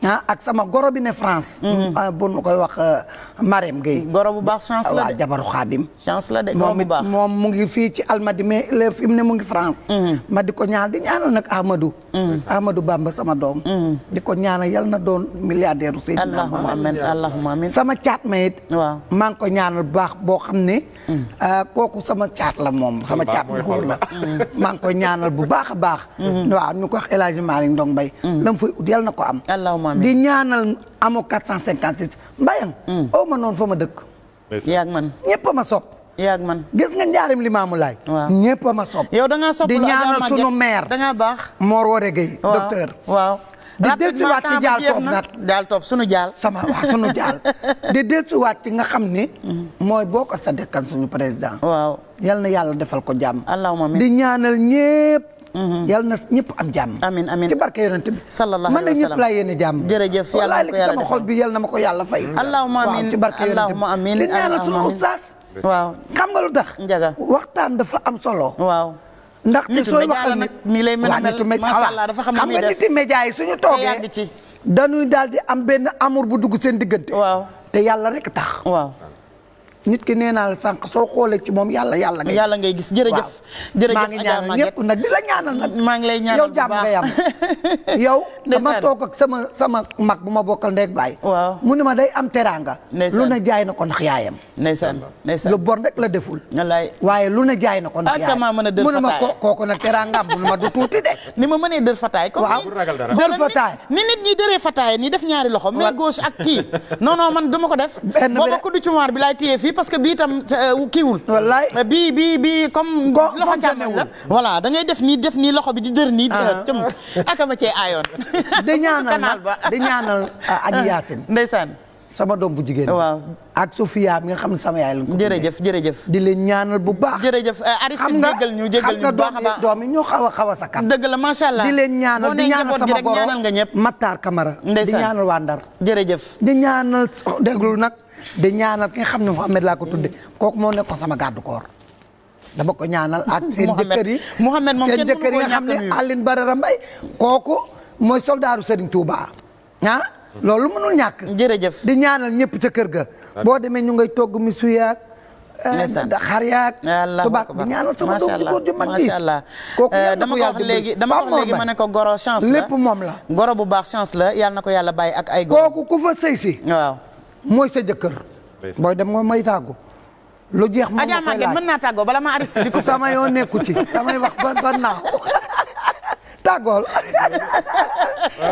Speaker 2: Ah, ak sama goro bi ne France. Mm-hmm. Ah, bu nu koy wax euh, Marème Gueye. goro bu baax chance la ah, de la moom mu ngi fii ci almadi mais léegi fi mu ne mu ngi France. Mm-hmm. ma di ko ñaanal di ñaanal nag Amadou. Mm-hmm. Amadou Bamba sama doom. di ko ñaanal yal na doon milliardaire. Seydina Muhammad allahumma amiin sama caat ma it. waaw maa ngi ko ñaanal baax boo xam ne. ko mm. ah, kooku sama caat la moom sama caat bu góor la mm. maa ngi koy ñaanal bu baax a baax mm. waaw ñu ko wax El Hadji Malick Ndong Mbaye la mu fay ut yàlla na ko am di ñaanal amoo 456 mbayang aw ma noonu fa ma dëkk yaag man a ma sopp li maamu laay ñëpp a ma sopp yow da ngaa sopp di ñaanal sunu maire da ngaa baax Mor Wore Gueye di dellusiwaat ci jaal topp nag jaal topp sunu jaal sama waaw sunu jaal si waat ci nga xam ni mm. mooy boo ko sa dekkan suñu président waaw yal na yàlla defal ko jàmm allahumma amiin di ñaanal ñépp mm-hmm. yàlla na ñëpp am jàmm amin amin ci barke yonent bi sallallahu alayhi wa sallam man na ñëpp laa yéene jàmm jërëjëf yàlla ko yàlla sama bi yàlla na ma ko yàlla fay allahumma amin ci barke yonent bi di ñaanal sunu ustaas waaw xam nga lu tax njaga waxtaan dafa am solo ndax te sooy waxal nit nii lay mel macha allah dafa xam nga nit yi média yi suñu toogee dañuy daal di am benn amur bu dugg seen diggante. waaw te yàlla rek tax. waaw nit ki nee naa la sànq soo xoolee ci moom yàlla yàlla ngay yàlla ngay gis jërëjëf jërëjëf maa ngi ñaanal ñëpp nag di la ñaanal nag maa ngi lay ñaanal yow jàmm nga yam yow dama toog ak sama sama ma bokkal ndeeg baay waaw ma day am teraanga lu ne jaay na ko ndax yaayam ndeysaan ndeysaan lu bon rek la deful wallaay waaye lu ne jaay na ko ndax ah, yaayam a mu ne ma kooku nag teraangaam mu ne ma du tuuti de ni ma mënee dër fataay ko waaw dër fataay ni nit ñi dëree fataay ni def ñaari loxo mais gauche ak kii non non man dama ko def boo ma ko du cumaar bii parce que bii tam euh, kiiwul. wallaay euh, bii bii bii comme. loxo càmmeñ la voilà da ngay def nii def nii loxo bi di dër nii. Ah. cëm ak ma cee aayoon. di ñaanal nag di ñaanal ah, Aji ah, Yaasin. ndeysaan. sama doom bu jigéen waaw ak Sofia mi nga xam sama yaay lañ ko jërëjëf jërëjëf di leen ñaanal bu baax jërëjëf euh, Aristide jégal ñu jégal ñu bu baax a baax doom yi ñoo xaw a a sa kan dëgg la macha allah di leen ñaanal di ñaanal sama borom ñaanal nga ñëpp Matar di ñaanal waa Ndar jërëjëf di ñaanal oh, déglul nag di ñaanal ki nga xam ne Mouhamed laa ko tudd kooku moo nekkoon sama garde corps dama ko ñaanal ak seen jëkkër yi Mouhamed moom seen jëkkër yi nga xam ne Aline Barara Mbaye kooku mooy soldaaru Serigne Touba ah loolu mënul ñàkk jërëjëf di ñaanal ñëpp ca kër ga boo demee ñu ngay togg mi suyaak eh, xar yaak tubaab di ñaanal sama doom di góor ju mag ji kooku eh, dama ko léegi dama ko ma ne ko goro chance la lépp moom la goro bu baax chance la yàlla na ko yàlla bàyyi ak ay goro kooku ku fa sëy si mooy sa jëkkër. mooy dem nga may tàggu. lu jeex moom nga koy laaj mën naa tàggoo bala ma arrêté di ko sama yoon nekku ci damay wax ba ba naaw tàggool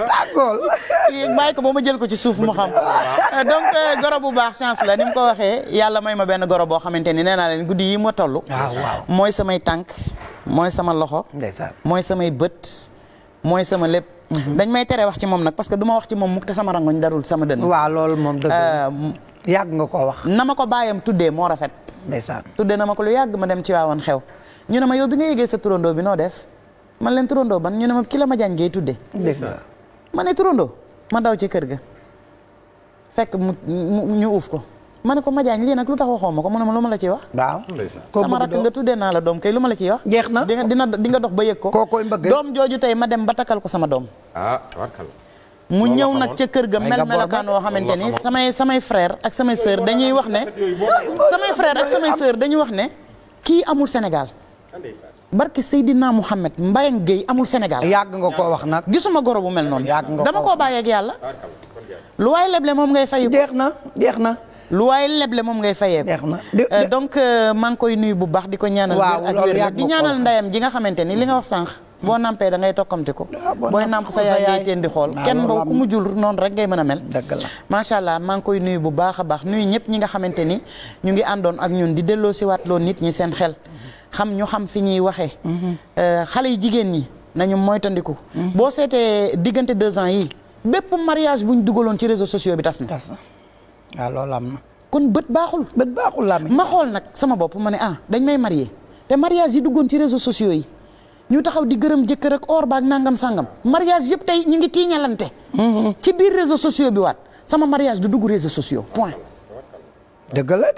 Speaker 2: bàyyi ko ba ma jël ko ci suuf mu xam donc euh, goro bu baax chance la ni mu ko waxee yàlla may ma benn goro boo xamante ni nee naa leen guddi yi ma toll ah, mooy samay tànk mooy sama loxo mooy samay bët mooy sama lépp Mhm. dañ may tere wax ci moom nag parce que du ma wax ci moom mukk te sama rangoñ darul sama dënn. waaw loolu moom dëgg euh, yàgg nga koo wax. na ma ko bàyyam tuddee moo rafet. ndeysaan tuddee na ma ko lu yàgg ma dem ci waawoon xew. ñu ne ma yow bi nga yëgee sa turandoo bi noo def man leen turandoo ban ñu ne ma ki ma jàngee ngay tuddee. ndeysaan ma ne turandoo ma daw ci kër ga fekk mu ñu uuf ko. ma ko Madiagne lii nag lu tax waxoo ma ko mu ne ma lu ma la ci wax. sama rakk nga tuddee naa la doom kay lu ma la ciy wax. jeex na dina di nga dox ba yëg ko. kookooy mbëgg doom jooju tey ma dem ba takkal ko sama doom. Ah, mu ñëw nag ca kër ga mel melakaan woo xamante ni samay samay frère ak samay sœur dañuy wax ne samay frère ak samay sœur dañuy wax ne kii amul Sénégal barki Seydina Mouhamed Mbayang Gueye amul Sénégal yàgg nga ko wax nag gisuma goro bu mel noonu dama koo bàyyeeg yàlla lu na jeex na lu waaye leble moom ngay fayee ko euh, donc euh, maa koy nuyu bu baax di ko ñaanal ak wér di ñaanal ndayam ji nga xamante ni li nga wax sànq boo nampee dangay ngay tokkamti ko ah, booy namp sa yaay teen di xool ah, kenn mbaw ku mu jur noonu rek ngay mën a mel macha allah maa ngi koy nuyu bu baax a baax nuyu ñëpp ñi nga xamante ni ñu ngi àndoon ak ñun di delloo si waat loo nit ñi seen xel xam ñu xam fi ñuy waxee mm-hmm. euh, xale yu jigéen ñi nañu moytandiku mm-hmm. boo seetee diggante deux ans yi bépp mariage bu ñu dugaloon ci réseaux sociaux bi tas na waaw na. kon bët baaxul. bët baaxul la ma xool nag sama bopp ma ne ah dañ may marié te mariage yi duggoon ci réseaux sociaux yi ñu taxaw di gërëm jëkkër ak or baag nangam sangam mariage yëpp tey ñu ngi tiiñalante. Mm-hmm. ci biir réseaux sociaux bi waat sama mariage du dugg réseaux sociaux point. dëgg la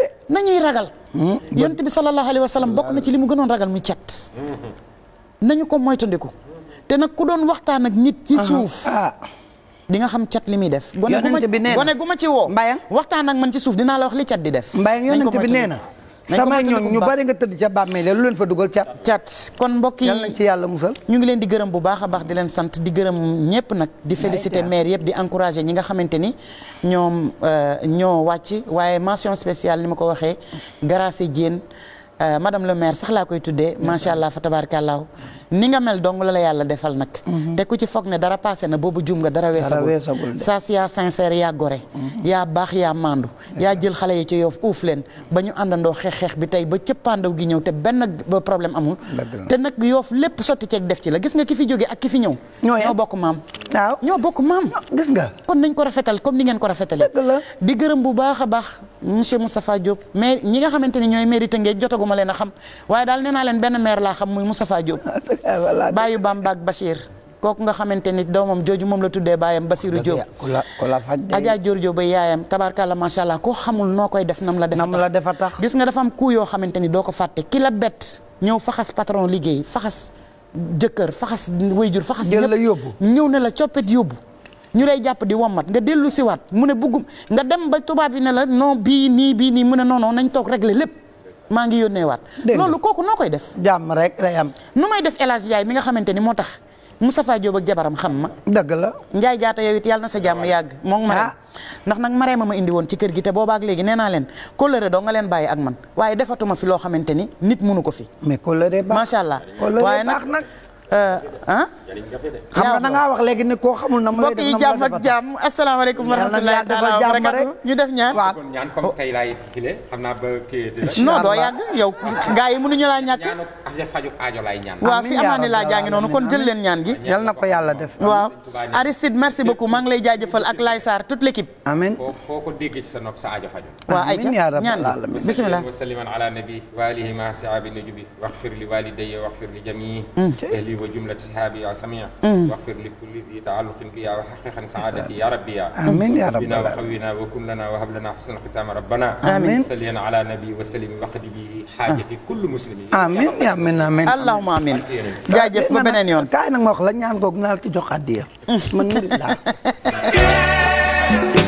Speaker 2: de nañuy ragal. Mm-hmm. yonent bi sallallahu alayhi wa bokk na ci li mu gënoon ragal muy cet
Speaker 3: mm-hmm.
Speaker 2: nañu ko moytandiku. te nag ku doon waxtaan ak nit. ci suuf ah. li nga xam cat li muy def. yonent bi nee na gone gu ma ci woo. mbayang waxtaan ak man ci suuf dinaa la wax li cat di def. mbayang yonent bi nee na. sama ñoom ñu bari nga tëdd ca bàmmeel lu leen fa dugal cat. cat kon mbokk yi yàlla ci yàlla musal. ñu ngi leen di gërëm bu baax a baax di leen sant di gërëm ñëpp nag. di féliciter maire yëpp di encourager ñi nga xamante ni ñoom euh, ñoo wàcc waaye mention spéciale ni ma ko waxee. Grace Diène euh, madame le maire sax laa koy tuddee. macha allah fa tabaarkàllaaw ni nga mel dong la yàlla defal nag mhm. te ku ci foog ne dara passé na boobu jum nga dara weesagul saa si yaa sincère yaa gore mhm. yaa baax yaa maandu yaa jël xale yi ci yoof uuf leen ba ñu àndandoo xeex-xeex bi tey ba cëppaandaw gi ñëw te benn problème amul te nag yoof lépp sotti ceeg def ci la gis nga ki fi jóge ak ki fi ñëw ñoo bokk maam waaw ñoo bokk maam ah, gis nga kon nañ ko rafetal comme ni ngeen ko rafetalee di gërëm bu baax a baax monsieur Moustapha Diop maire ñi nga xamante ni ñooy mairie Tëngéej jotaguma leen xam waaye daal naa leen benn maire laa xam muy Moustapha Diop ah, Eh, voilà baayu Bamba ak Bachir. kooku nga xamante ni doomam jooju moom la tuddee baayam Basiru Diop Adja Dior Diop ba yaayam tabarkalla macha allah koo xamul noo koy def nam la def nam la defa tax gis nga dafa am ku xamante ni doo ko fàtte ki la bett ñëw faxas patron liggéey faxas jëkkër faxas wayjur faxas la ñëpp ñëw ne la coppet yóbbu ñu lay jàpp di wommat nga dellu siwaat mu ne buggum nga dem ba tubaab yi ne la non bii nii bii nii mu ne non nañ toog régler lépp maa ngi yónnee waat loolu kooku noo koy def jàmm rek am nu may def El Hadj mi nga xamante ni moo tax Moustapha Diop ak jabaram xam ma dëgg la Ndiaye jaata yow it yàlla na sa jàmm yàgg moom ma ah. ndax nag maree ma ma indi woon ci kër gi te boobaak léegi nee naa leen kóllëre doo nga leen bàyyi ak man waaye defatuma fi loo xamante ni nit mënu ko fi mais kóllëre baax macha allah waaye nag ah.
Speaker 3: xam nga na ngaa wax
Speaker 2: léegi ne koo xamul na mu lay def mbokk yi jàmm ak jàmm asalaamaaleykum wa rahmatullahi taala wa barakatu ñu def ñaan waaw
Speaker 1: kon ñaan comme tey laay kile naa ba kii non doo yàgg yow gars yi mënuñu laa ñàkk ñaanu fajuk aajo laay ñaan waaw fi amaani laa jaa ngi noonu kon jël leen
Speaker 2: ñaan gi yal na ko yàlla def waaw Aristide merci beaucoup maa ngi jaaj jaajëfal ak Laye Sarr toute l'équipe amiin
Speaker 1: foo ko déggee ci sa nopp sa aajo faju waaw ay bismillah wa salliman ala nabi wa قلبي وجملة سحابي يا سميع واغفر لكل ذي تعلق بها وحققا سعادتي يا ربي يا آمين يا رب بنا وخوينا وكن لنا وهب لنا حسن ختام ربنا آمين سليا على نبي وسلم وقدمه حاجة كل مسلم آمين يا من آمين اللهم آمين jaajëf ba beneen
Speaker 2: yoon kaay nag ma wax la ñaan googu naa la ci jox addiya man murid laa